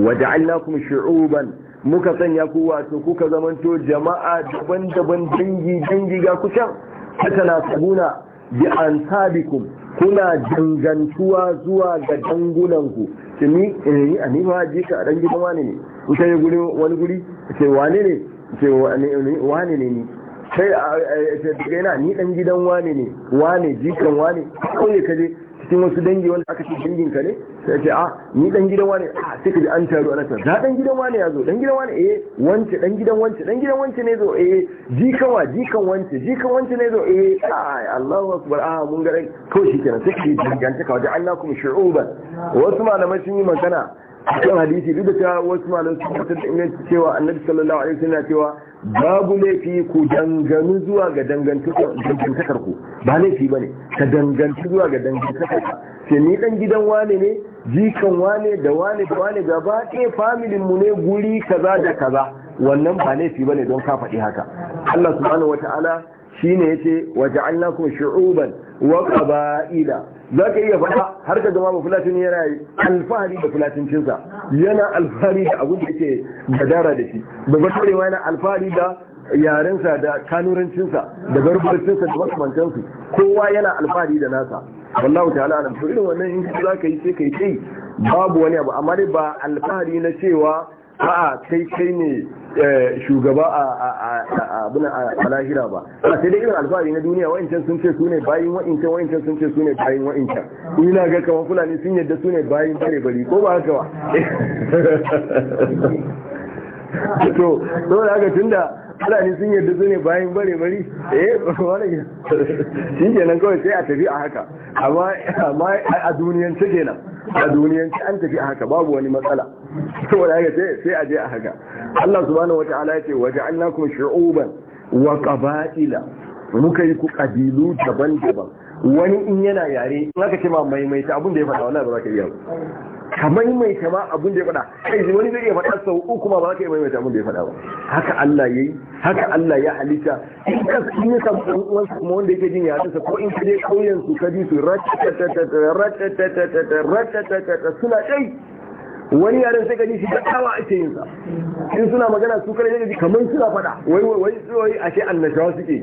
wa ja'alnakum shu'uban muka sanya ku wato kuka zamanto jama'a daban-daban dangi dangi ga ku can na sabuna bi an sabikum kuna dangantuwa zuwa ga dangunanku ce ni eh ni ba ji ka dan gidan wani ne ku sai guri wani guri ce wani ne ce wani ne ni sai a ce daga ni dan gidan wani ne wani jikan wani ko ne kaje cikin wasu dangi wanda aka ce dangin ka ne sai ce a ah, ni dan gidan wane a ah, sai ka ji an taru ana cewa dan gidan wane ya zo dan gidan wane eh wance dan gidan wance dan gidan wance ne zo eh jikan wa jikan wance jikan wance ne zo eh ai Allahu akbar a ah, mun ga kawai shikenan sai ka ji dangantaka wajen annakum shu'uban wasu malamai sun yi magana cikin hadisi duk da cewa wasu malamai sun fitar da inganci cewa annabi sallallahu alaihi wasallam cewa babu laifi ku danganu zuwa ga dangantakar ku ba laifi ba ne ka danganci zuwa ga dangantakar ka ce ni dan gidan wane ne jikan wane da wane da wane gaba ɗaya familin mu ne guri kaza da kaza wannan ba laifi ba ne don ka faɗi haka Allah subhanahu wata'ala shine yace waja'alnakum shu'uban wa qaba'ila za ka iya faɗa har ka zama fulatun yana alfahari da fulatincinsa yana alfahari da abin da yake gadara da shi babbar tarewa yana alfahari da yarensa da kanurancinsa da barbarcinsa da makamantansu kowa yana alfahari da nasa wallahu ta'ala alam to irin wannan in za ka yi sai kai kai babu wani abu amma dai ba alfahari na cewa a kai kai ne Eh, shugaba a lahira ba a sai dai irin alfahari na duniya wa'incan sun ce su ne bayin wa'incan wa'incan sun ce su ne bayin wa'incan ina ga kama fulani sun yadda su ne bayin bare bari ko ba haka ba to da haka tunda fulani sun yadda su ne bayin bare bari eh wani shi kenan kawai sai a tafi a haka amma a duniyance kenan a duniyance an tafi a haka babu wani matsala sai a a haka Allah subhanahu wataala ya ce waja'alnakum shu'uban wa qaba'ila muka yi ku kabilu daban-daban wani in yana yare in aka ce ma maimaita abin da ya faɗa wallahi ba za ka iya ka maimaita ma abin da ya faɗa kai wani zai iya faɗa sau uku ma ba za ka iya maimaita abin da ya faɗa ba haka Allah yayi haka Allah ya halitta in ka in ya samu uwansa kuma wanda yake jin sa ko in ka je kauyen su ka bi su ratatata suna wani yaren sai ka ji shi daɗawa ake yin sa in suna magana su kare ne kamar suna faɗa wai wai wai ashe annashawa suke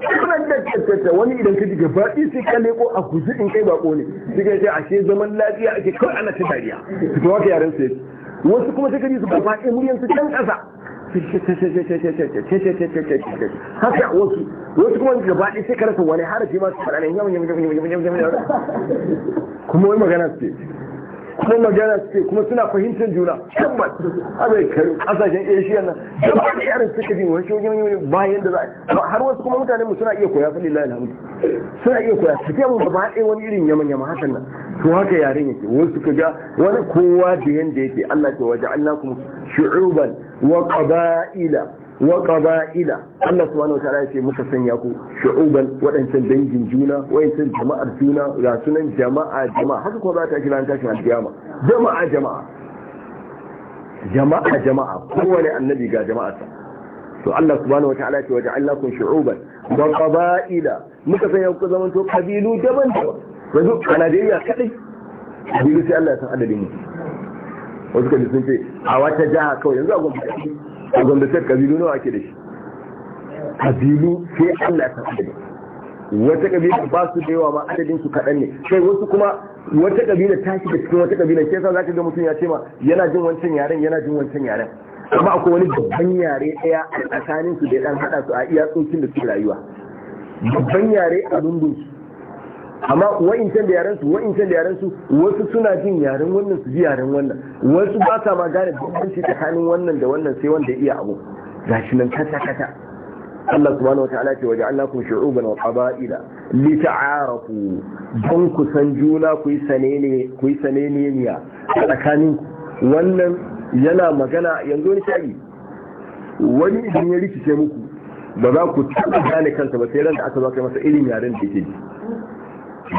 suna jajjajjajja wani idan ka ji gaba ɗi sai ka leko a guji in kai bako ne sai ka ce ashe zaman lafiya ake kawai ana ta dariya su kuma ka yaren sai wasu kuma sai ka ji su gaba ɗi muryan su can ƙasa haka wasu wasu kuma gaba ɗi sai ka rasa wani harafi ma su faɗa ne kuma wai magana su ce kuma magana suke kuma suna fahimtar juna tabbas azaikai kasashen asia nan da yaran suka bi wani shogin bayan da za a har wasu kuma mutane mu suna iya koya fa lillahi alhamdu suna iya koya su ba ɗaya wani irin yaman yaman hakan nan to haka yaren yake wasu ga wani kowa da yanda yake Allah ke waje Allah kuma shu'uban wa qaba'ila wa qaba'ila Allah subhanahu wataala ya ce muka sanya ku shu'uban waɗancan dangin juna waɗancan jama'ar juna ga sunan jama'a jama'a haka ko za ta kira ta kira jama'a jama'a jama'a jama'a jama'a kowane annabi ga jama'arsa to Allah subhanahu wataala ya ce waja'alnakum shu'uban wa qaba'ila muka sanya ku zaman to kabilu daban-daban yanzu a Najeriya kadai kabilu sai Allah ya san adadin mu wasu kabilu sun ce a wata jaha kawai yanzu a gwamnati a gwamnatar kabilu nawa ake da shi kabilu sai allah ta adadi wata kabila ba su da yawa ma adadin su kaɗan ne sai wasu kuma wata kabila ta shiga cikin wata kabila shi yasa zaka ga mutum ya ce ma yana jin wancan yaren yana jin wancan yaren amma akwai wani babban yare ɗaya a tsakanin su da ya dan hada su a iya tsokin da su rayuwa babban yare a lungun amma can da yaren su can da yaren su wasu suna jin yaren wannan su ji yaren wannan wasu ba sa ma gane bambanci tsakanin wannan da wannan sai wanda ya iya abu gashi nan kata kata Allah subhanahu wataala ce waje Allah kun shu'uban wa qaba'ila li ta'arafu don ku san juna ku yi sanene ku yi miya tsakanin wannan yana magana yanzu wani shari wani idan ya rikice muku ba za ku taɓa gane kansa ba sai ran da aka zo kai masa irin yaren da yake ji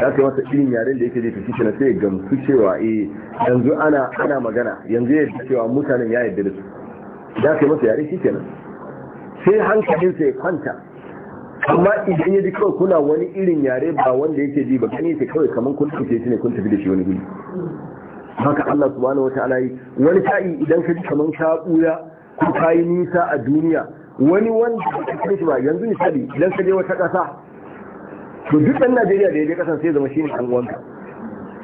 da aka wata irin yaren da yake je tafi na sai gamsu cewa eh yanzu ana ana magana yanzu ya yadda cewa mutanen ya yadda da su da aka masa yare shi kenan sai hankalin sai kwanta amma idan ya ji kawai kuna wani irin yare ba wanda yake ji ba gani sai kawai kamar kun tafi shi ne kun tafi da shi wani guri haka Allah subhanahu wataala yi wani ta'i idan ka ji kamar ka buya ko ka yi nisa a duniya wani wanda ka ba yanzu misali idan ka je wata ƙasa to duk ɗan najeriya da ya je kasan sai zama shine ɗan uwanka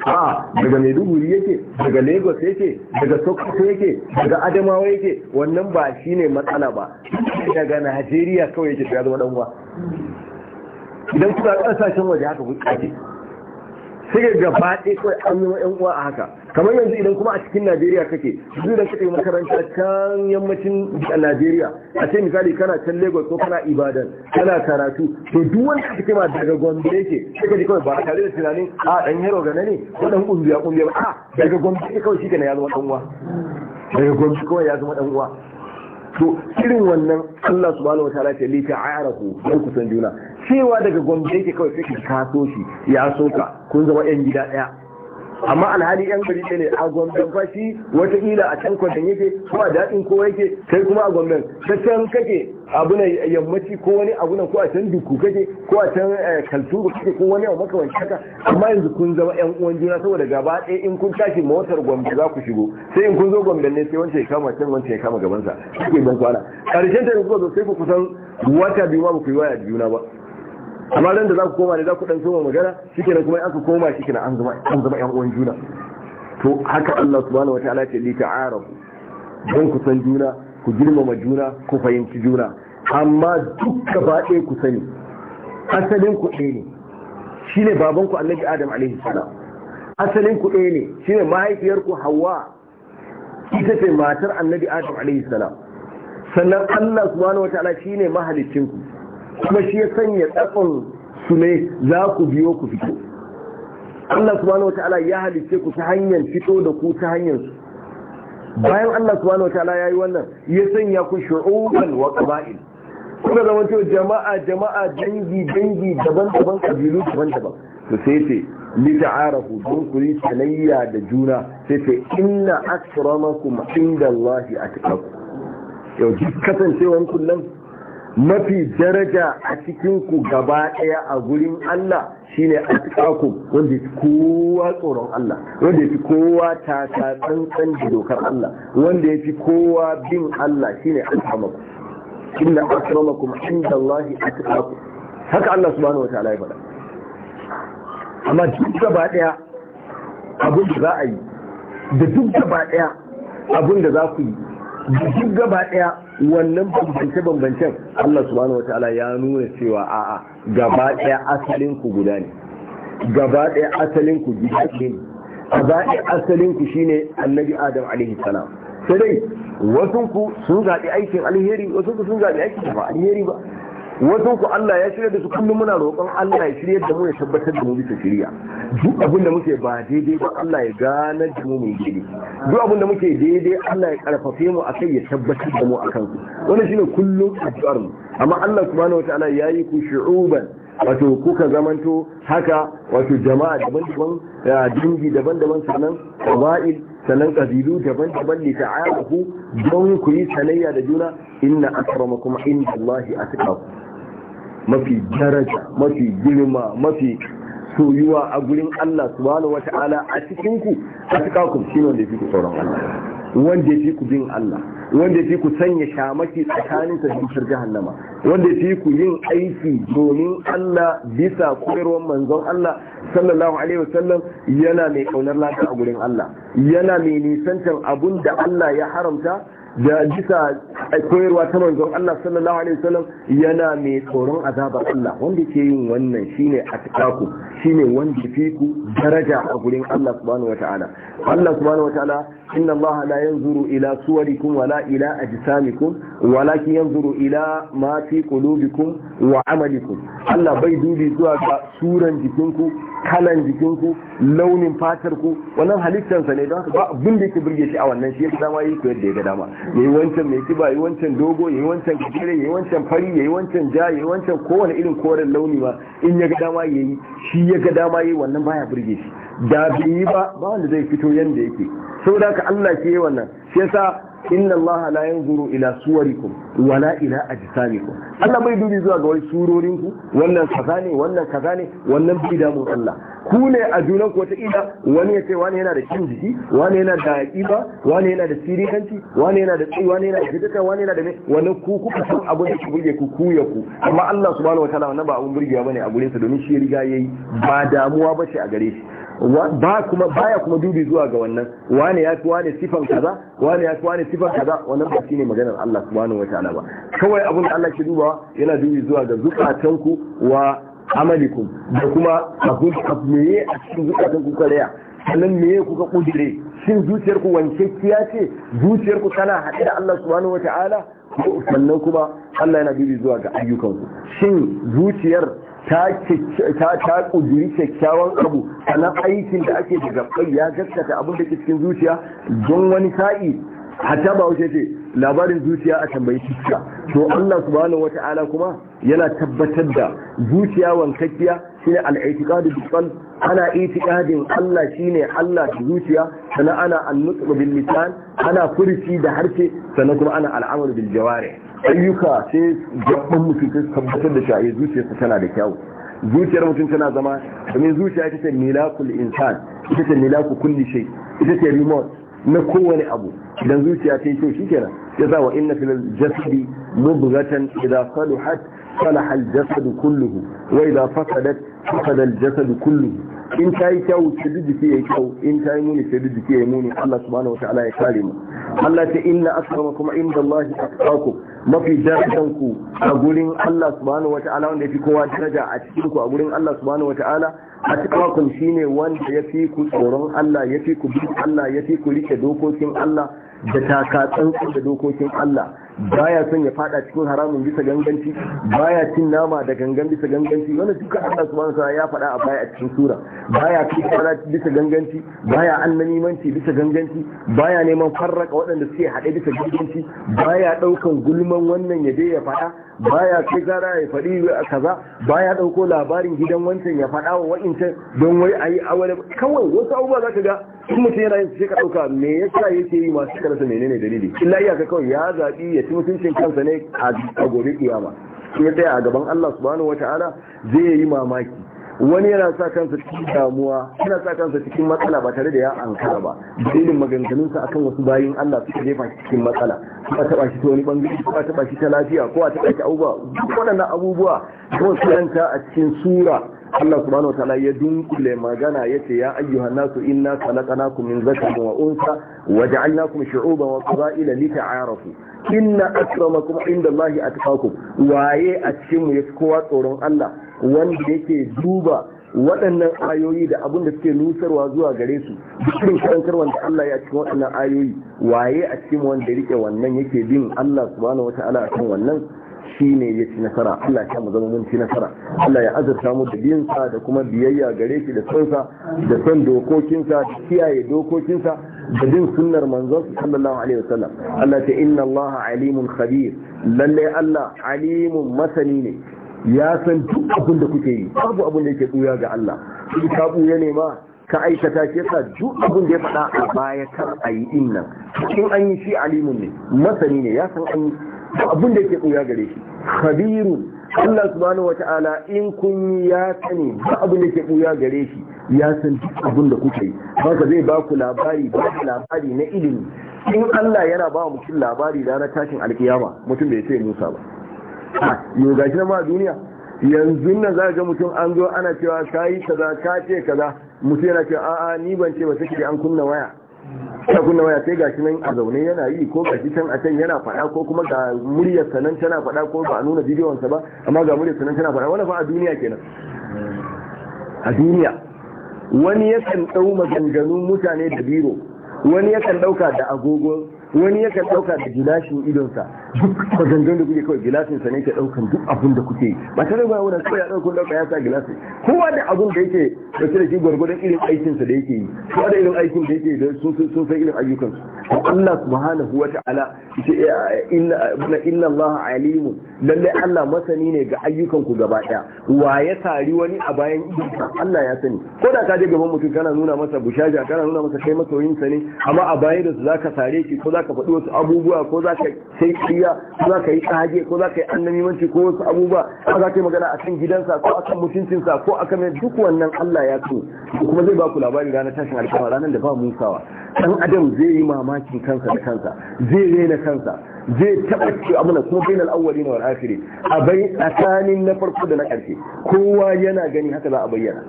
a daga maiduguri yake daga lagos yake daga sokoto yake daga adamawa yake wannan ba shine matsala ba daga najeriya kawai yake ya zama ɗan uwa idan kuka ƙasashen waje haka kuka ake sai gaba ɗaya kawai an yi wa uwa a haka kamar yanzu idan kuma a cikin najeriya kake duk da kake makaranta can yammacin a najeriya a ce misali kana can lagos ko kana ibadan kana karatu to duk wanda ka kake ma daga gombe yake sai ka ji kawai ba tare da tunanin a ah, dan yaro gane ne ko dan kungiya kungiya ba a ah, daga gombe yake kawai shi ya zama dan uwa daga gombe kawai ya zama dan uwa to irin wannan Allah subhanahu wataala ce li ta'arafu dan kusan juna cewa daga gombe yake kawai sai ka shi ya soka kun zama yan gida daya amma alhali yan gari ne a gwamnan fashi wataƙila a can kwatan yake ko a daɗin ko yake kai kuma a gwamnan ta can kake abu na yammaci ko wani abu na ko a can duku kake ko a can eh, kalturu kake ko wani abu makamanci haka amma yanzu kun zama yan uwan juna saboda gaba ɗaya in kun tashi motar gwamnati za ku shigo sai in kun zo gwamnan ne sai wancan ya kama can wancan ya kama gabansa kuke ban kwana ƙarshen ta yanzu kuka zo sai ku kusan wata biyu ma ba ku yi waya juna ba amma ran da za ku koma ne za ku dan soma magana shikenan kuma aka koma shikenan an zama an zama yan uwan juna to haka Allah subhanahu wataala ce li ta'arafu don ku san juna ku girmama juna ku fahimci juna amma duk gaba ɗaya ku sani asalin ku ɗaya ne shine baban ku annabi adam alaihi salam asalin ku ɗaya ne shine mahaifiyar ku hawa ita ce matar annabi adam alaihi salam sannan Allah subhanahu wataala shine mahalicin ku kuma shi ya sanya tsafin su ne za ku biyo ku fito Allah subhanahu wataala ya halice ku ta hanyar fito da ku ta hanyar su bayan Allah subhanahu wataala yayi wannan ya sanya ku shu'uban wa qaba'il kuma zama to jama'a jama'a dangi dangi daban-daban kabilu daban-daban to sai ce li don ku yi sanayya da juna sai ce inna akramakum inda Allah atqakum yau duk kullum mafi daraja a cikinku gaba ɗaya a gurin Allah shine a tsakaku wanda fi kowa tsoron Allah wanda ya fi kowa ta tsantsan da dokar Allah wanda ya fi kowa bin Allah shine a tsamaku inna akramakum inda Allah a tsakaku haka Allah subhanahu wa ta'ala ya faɗa amma duk gaba ɗaya abin da za a yi da duk gaba ɗaya abin da za ku yi duk gaba daya wannan bambance bambancen Allah subhanahu wataala ya nuna cewa a'a gaba daya asalin ku guda ne gaba daya asalin ku gida ne gaba daya asalin ku shine annabi adam alaihi salam sai dai wasunku ku sun gadi aikin alheri wasunku ku sun gadi aikin ba alheri ba wasu ku Allah ya shirya da su kullum muna roƙon Allah ya shirya da mu ya tabbatar da mu bisa shirya duk abin da muke ba daidai ba Allah ya gane da mu mun daidai duk abin da muke daidai Allah ya karfafe mu akai ya tabbatar da mu akan su wannan shine kullum addu'ar mu amma Allah subhanahu wataala yayi ku shu'uban wato kuka zamanto haka wato jama'a daban-daban dingi daban-daban sannan qabail sannan ƙabilu daban-daban ne ta'arafu don ku yi sanayya da juna inna akramakum indallahi Allah ya mafi daraja mafi girma mafi soyuwa a gurin Allah subhanahu ta'ala a cikin ku a cikakum shine wanda yake tsoron Allah wanda yake ku bin Allah wanda yake ku sanya shamaki tsakanin ta cikin jahannama wanda yake ku yin aiki domin Allah bisa koyarwar manzon Allah sallallahu alaihi wa sallam, yana mai kaunar lafiya a gurin Allah yana mai nisantar abun da Allah ya haramta da bisa koyarwa ta manzon Allah sallallahu alaihi wasallam yana mai tsoron azabar Allah wanda ke yin wannan shine atqaku shine wanda fi ku daraja a gurin Allah subhanahu wataala Allah subhanahu wataala inna Allah la yanzuru ila suwarikum wala ila ajsamikum walakin yanzuru ila ma fi qulubikum wa amalikum Allah bai dubi zuwa ga suran jikinku kalan jikinku launin fatar wannan halittarsa ne don haka ba abin da yake burge shi a wannan shi yake dama yi ku yadda ya ga dama yayi wancan mai kiba yayi wancan dogo yayi wancan kire yayi wancan fari yayi wancan ja yayi wancan kowane irin koren launi ba in ya ga dama yayi shi ya ga dama yayi wannan baya birge shi da biyi yi ba ba wanda zai fito yanda yake saboda ka Allah ke wannan shi yasa inna Allah la yanzuru ila suwarikum wala ila ajsamikum Allah bai dubi zuwa ga wai surorin ku wannan kaza ne wannan kaza ne wannan bai damu Allah ku ne a junan ku wata ila wani ya ce wani yana da kin jiki wani yana da iba wani yana da sirikanci wani yana da tsayi wani yana da fitaka wani yana da me wani ku kuka san abin da ku burge ku ku ya ku amma Allah subhanahu wataala wannan ba abun burgewa bane a gurin sa domin shi riga yayi ba damuwa bace a gare shi ba kuma baya kuma dubi zuwa ga wannan wane ya fi wane sifan kaza wane ya fi wane sifan kaza wannan ba shine maganar Allah subhanahu wataala ba kawai abin da Allah ke dubawa yana dubi zuwa ga zukatanku wa amalikum da kuma ku meye a cikin zukatanku karaya sannan meye kuka kudire shin zuciyarku kiya ce zuciyarku tana haɗe da Allah subhanahu wataala sannan kuma Allah yana dubi zuwa ga ayyukanku shin zuciyar ta kujiri kyakkyawan abu sannan aikin da ake da gabbai ya gaskata abin da ke cikin zuciya don wani sa'i hatta ba wuce ce labarin zuciya a tambayi cikiya to Allah subhanahu ta'ala kuma yana tabbatar da zuciya wankakkiya shine al-i'tiqadu bil ana itiqadin Allah shine Allah da zuciya sannan ana an-nutqu bil lisan ana furci da harshe sannan kuma ana al-amalu bil jawari ayyuka sai gaban mutum sai tabbatar da shi eh, zuciyarsa tana da kyau zuciyar mutum tana zama domin zuciya ita ce milakul insan ita ce milaku kulli shay ita ce remote na kowane abu idan zuciya ta yi kyau shikenan ya sa wa inna fil jasadi mubghatan idza saluhat salaha al jasadu kulluhu wa idza fasadat fadal jasad kullu in ta yi kyau ta jiki ya yi kyau in ta yi muni ta jiki ya yi muni Allah subhanahu ta'ala ya kare mu Allah ta inna akramakum inda Allah atqakum mafi darajan ku a gurin Allah subhanahu ta'ala, wanda yafi kowa daraja a cikin ku a gurin Allah subhanahu a atqakum shine wanda yafi ku tsoron Allah yafi ku bi Allah yafi ku rike dokokin Allah da taka da dokokin Allah baya son ya fada cikin haramun bisa ganganci baya cin nama da gangan bisa ganganci wannan duka Allah subhanahu wa ya fada a baya a cikin sura baya kifara bisa ganganci baya annanimanci bisa ganganci baya neman farraka waɗanda suke haɗe bisa ganganci baya ɗaukan gulman wannan ya je ya faɗa baya kai gara ya faɗi kaza baya ɗauko labarin gidan wancan ya faɗa wa wa'incan don wai a yi awale kawai wasu abubuwa za ka ga in mutum yana yin sai ka ɗauka me ya yake yi masu karasa menene dalili illa iyaka kawai ya zaɓi ya ci mutuncin kansa ne a gobe kiyama Sun ya tsaya a gaban Allah subhanahu wa ta'ala zai yi mamaki wani yana sa kansa cikin damuwa yana sa kansa cikin matsala ba tare da ya ankara ba dalilin maganganunsa akan wasu bayin Allah suka jefa shi cikin matsala ko a taba shi ta wani bangare ko a taba shi ta lafiya ko a taba shi abubuwa duk waɗannan abubuwa ko su yanta a cikin sura Allah subhanahu wa ta'ala ya dunkule magana yace ya ayyuhan nasu inna khalaqnakum min dhakarin wa unsa wa ja'alnakum shu'uban wa qaba'ila lita'arafu inna akramakum inda Allah atqakum waye a cikin mu yafi kowa tsoron Allah wanda yake duba waɗannan ayoyi da abin da suke nusarwa zuwa gare su dukkan karantar wanda Allah ya cikin waɗannan ayoyi waye a cikin wanda rike wannan yake bin Allah subhanahu wata'ala a kan wannan shine ya ci nasara Allah ya zama mun ci nasara Allah ya azurta mu da sa da kuma biyayya gare shi da sonsa da son dokokinsa da kiyaye dokokinsa da bin sunnar manzon sallallahu alaihi wasallam Allah ta inna Allah alimun khabir lalle Allah alimun masani ne ya san duk abin da kuke yi babu abin da yake buya ga Allah in ka buya ne ma ka aikata shi yasa duk abin da ya faɗa a baya kar a yi in nan in an yi shi alimun ne masani ne ya san an yi abin da yake buya gare shi khabirun Allah subhanahu wata'ala in kun yi ya sani duk abin da yake buya gare shi ya san duk abin da kuke yi Ba ka zai ba ku labari ba labari na ilimi in Allah yana ba mutum labari ranar tashin alkiyama mutum bai sai Musa ba yau ga shi ma duniya yanzu nan za ga mutum an zo ana cewa ka yi kaza ka ce kaza mutum yana cewa a'a ni ban ce ba take an kunna waya ta kunna waya sai shi nan a zaune yana yi ko gashi can a can yana faɗa ko kuma ga muryar sanan tana faɗa ko ba a nuna bidiyonsa ba amma ga muryar sanan tana faɗa wani fa a duniya kenan a duniya wani yakan ɗau maganganun mutane da biro wani yakan ɗauka da agogo wani yakan ɗauka da gilashin idonsa duk bazangan da kuke kawai gilashin sa ne ke ɗaukan duk abin da kuke yi ba tare ba wani kawai ya ɗaukan ya sa gilashin kowa da abin da yake ɗauke da shi gwargwadon irin aikinsa da yake yi kowa da irin aikin da yake da sun san irin ayyukansu Allah subhanahu wa ta'ala ita inna Allah alimun lalle Allah masani ne ga ayyukan ku gaba ɗaya. wa ya tari wani a bayan idonka Allah ya sani ko da ka je gaban mutum kana nuna masa bushaja kana nuna masa kai masoyin sa ne amma a bayan da zaka tare ki ko zaka faɗi wasu abubuwa ko zaka sai kiya ko zaka yi tsage ko zaka yi annabimanci ko wasu abubuwa ko zaka yi magana akan gidansa ko akan mutuncinsa ko akan duk wannan Allah ya so kuma zai ba ku labari ranar tashin alkama ranar da ba musawa dan adam zai yi mamakin kansa da kansa zai rena kansa zai taɓa cewa mana kuma bainal na wal akhirin a tsakanin na farko da na karshe kowa yana gani haka za a bayyana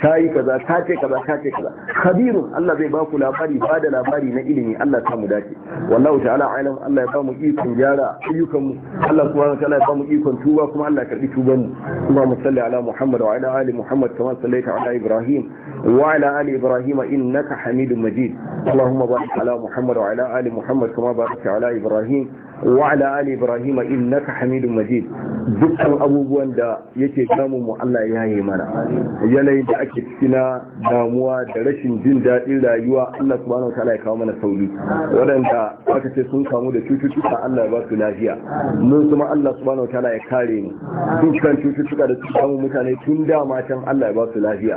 ta yi kaza ta ce kaza ta ce kaza khabirun Allah zai ba ku labari ba da labari na ilimi Allah ta mu dace wallahu ta'ala alam Allah ya ba mu ikon gyara ayyukan mu Allah subhanahu wa ta'ala ya ba mu ikon tuba kuma Allah ya karbi tuban mu kuma mu salli ala Muhammad wa ala ali Muhammad kama sallaita ala Ibrahim wa ala ali Ibrahim innaka Hamidum Majid Allahumma barik ala Muhammad wa ala ali Muhammad kama barakta ala Ibrahim wa ala ali ibrahim innaka hamidum majid dukkan abubuwan da yake damu mu Allah ya yi mana yanayin da ake ciki na damuwa da rashin jin daɗin rayuwa Allah subhanahu wataala ya kawo mana sauri waɗanda aka ce sun kamu da cututtuka Allah ya ba su lafiya mun kuma Allah subhanahu wataala ya kare mu dukkan cututtuka da suka kamu mutane tun da matan Allah ya ba su lafiya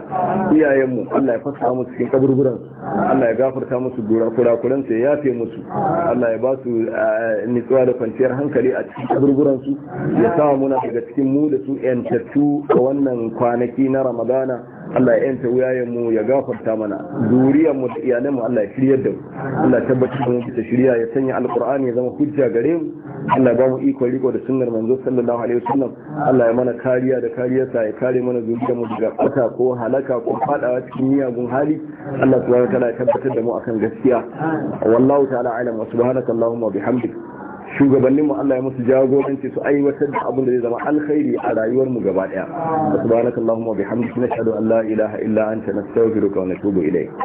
iyayen mu Allah ya fasa musu cikin kaburburan Allah ya gafarta musu kurakuran ya yafe musu Allah ya ba su eh, nutsuwa da kwanciyar hankali a cikin gurguran su ya sa muna daga cikin mu da su yantattu a wannan kwanaki na ramadana Allah ya yanta wuyayen mu ya gafarta mana duriyar mu da iyalan mu Allah ya shiryar da mu Allah tabbatar da mu bisa shirya ya sanya alqur'ani ya zama hujja gare mu Allah ba mu iko riko da sunnar manzo sallallahu alaihi wasallam Allah ya mana kariya da kariya sa ya kare mana zuciyar mu daga kwata ko halaka ko fadawa cikin miyagun hali Allah subhanahu wa ta'ala ya tabbatar da mu akan gaskiya wallahu ta'ala alam wa subhanaka allahumma bihamdika shugabannin mu Allah ya musu jagoranci su aiwatar da abin da zai zama alkhairi a rayuwar mu gaba daya subhanakallahumma bihamdika nashhadu an la ilaha illa anta nastaghfiruka wa natubu ilayk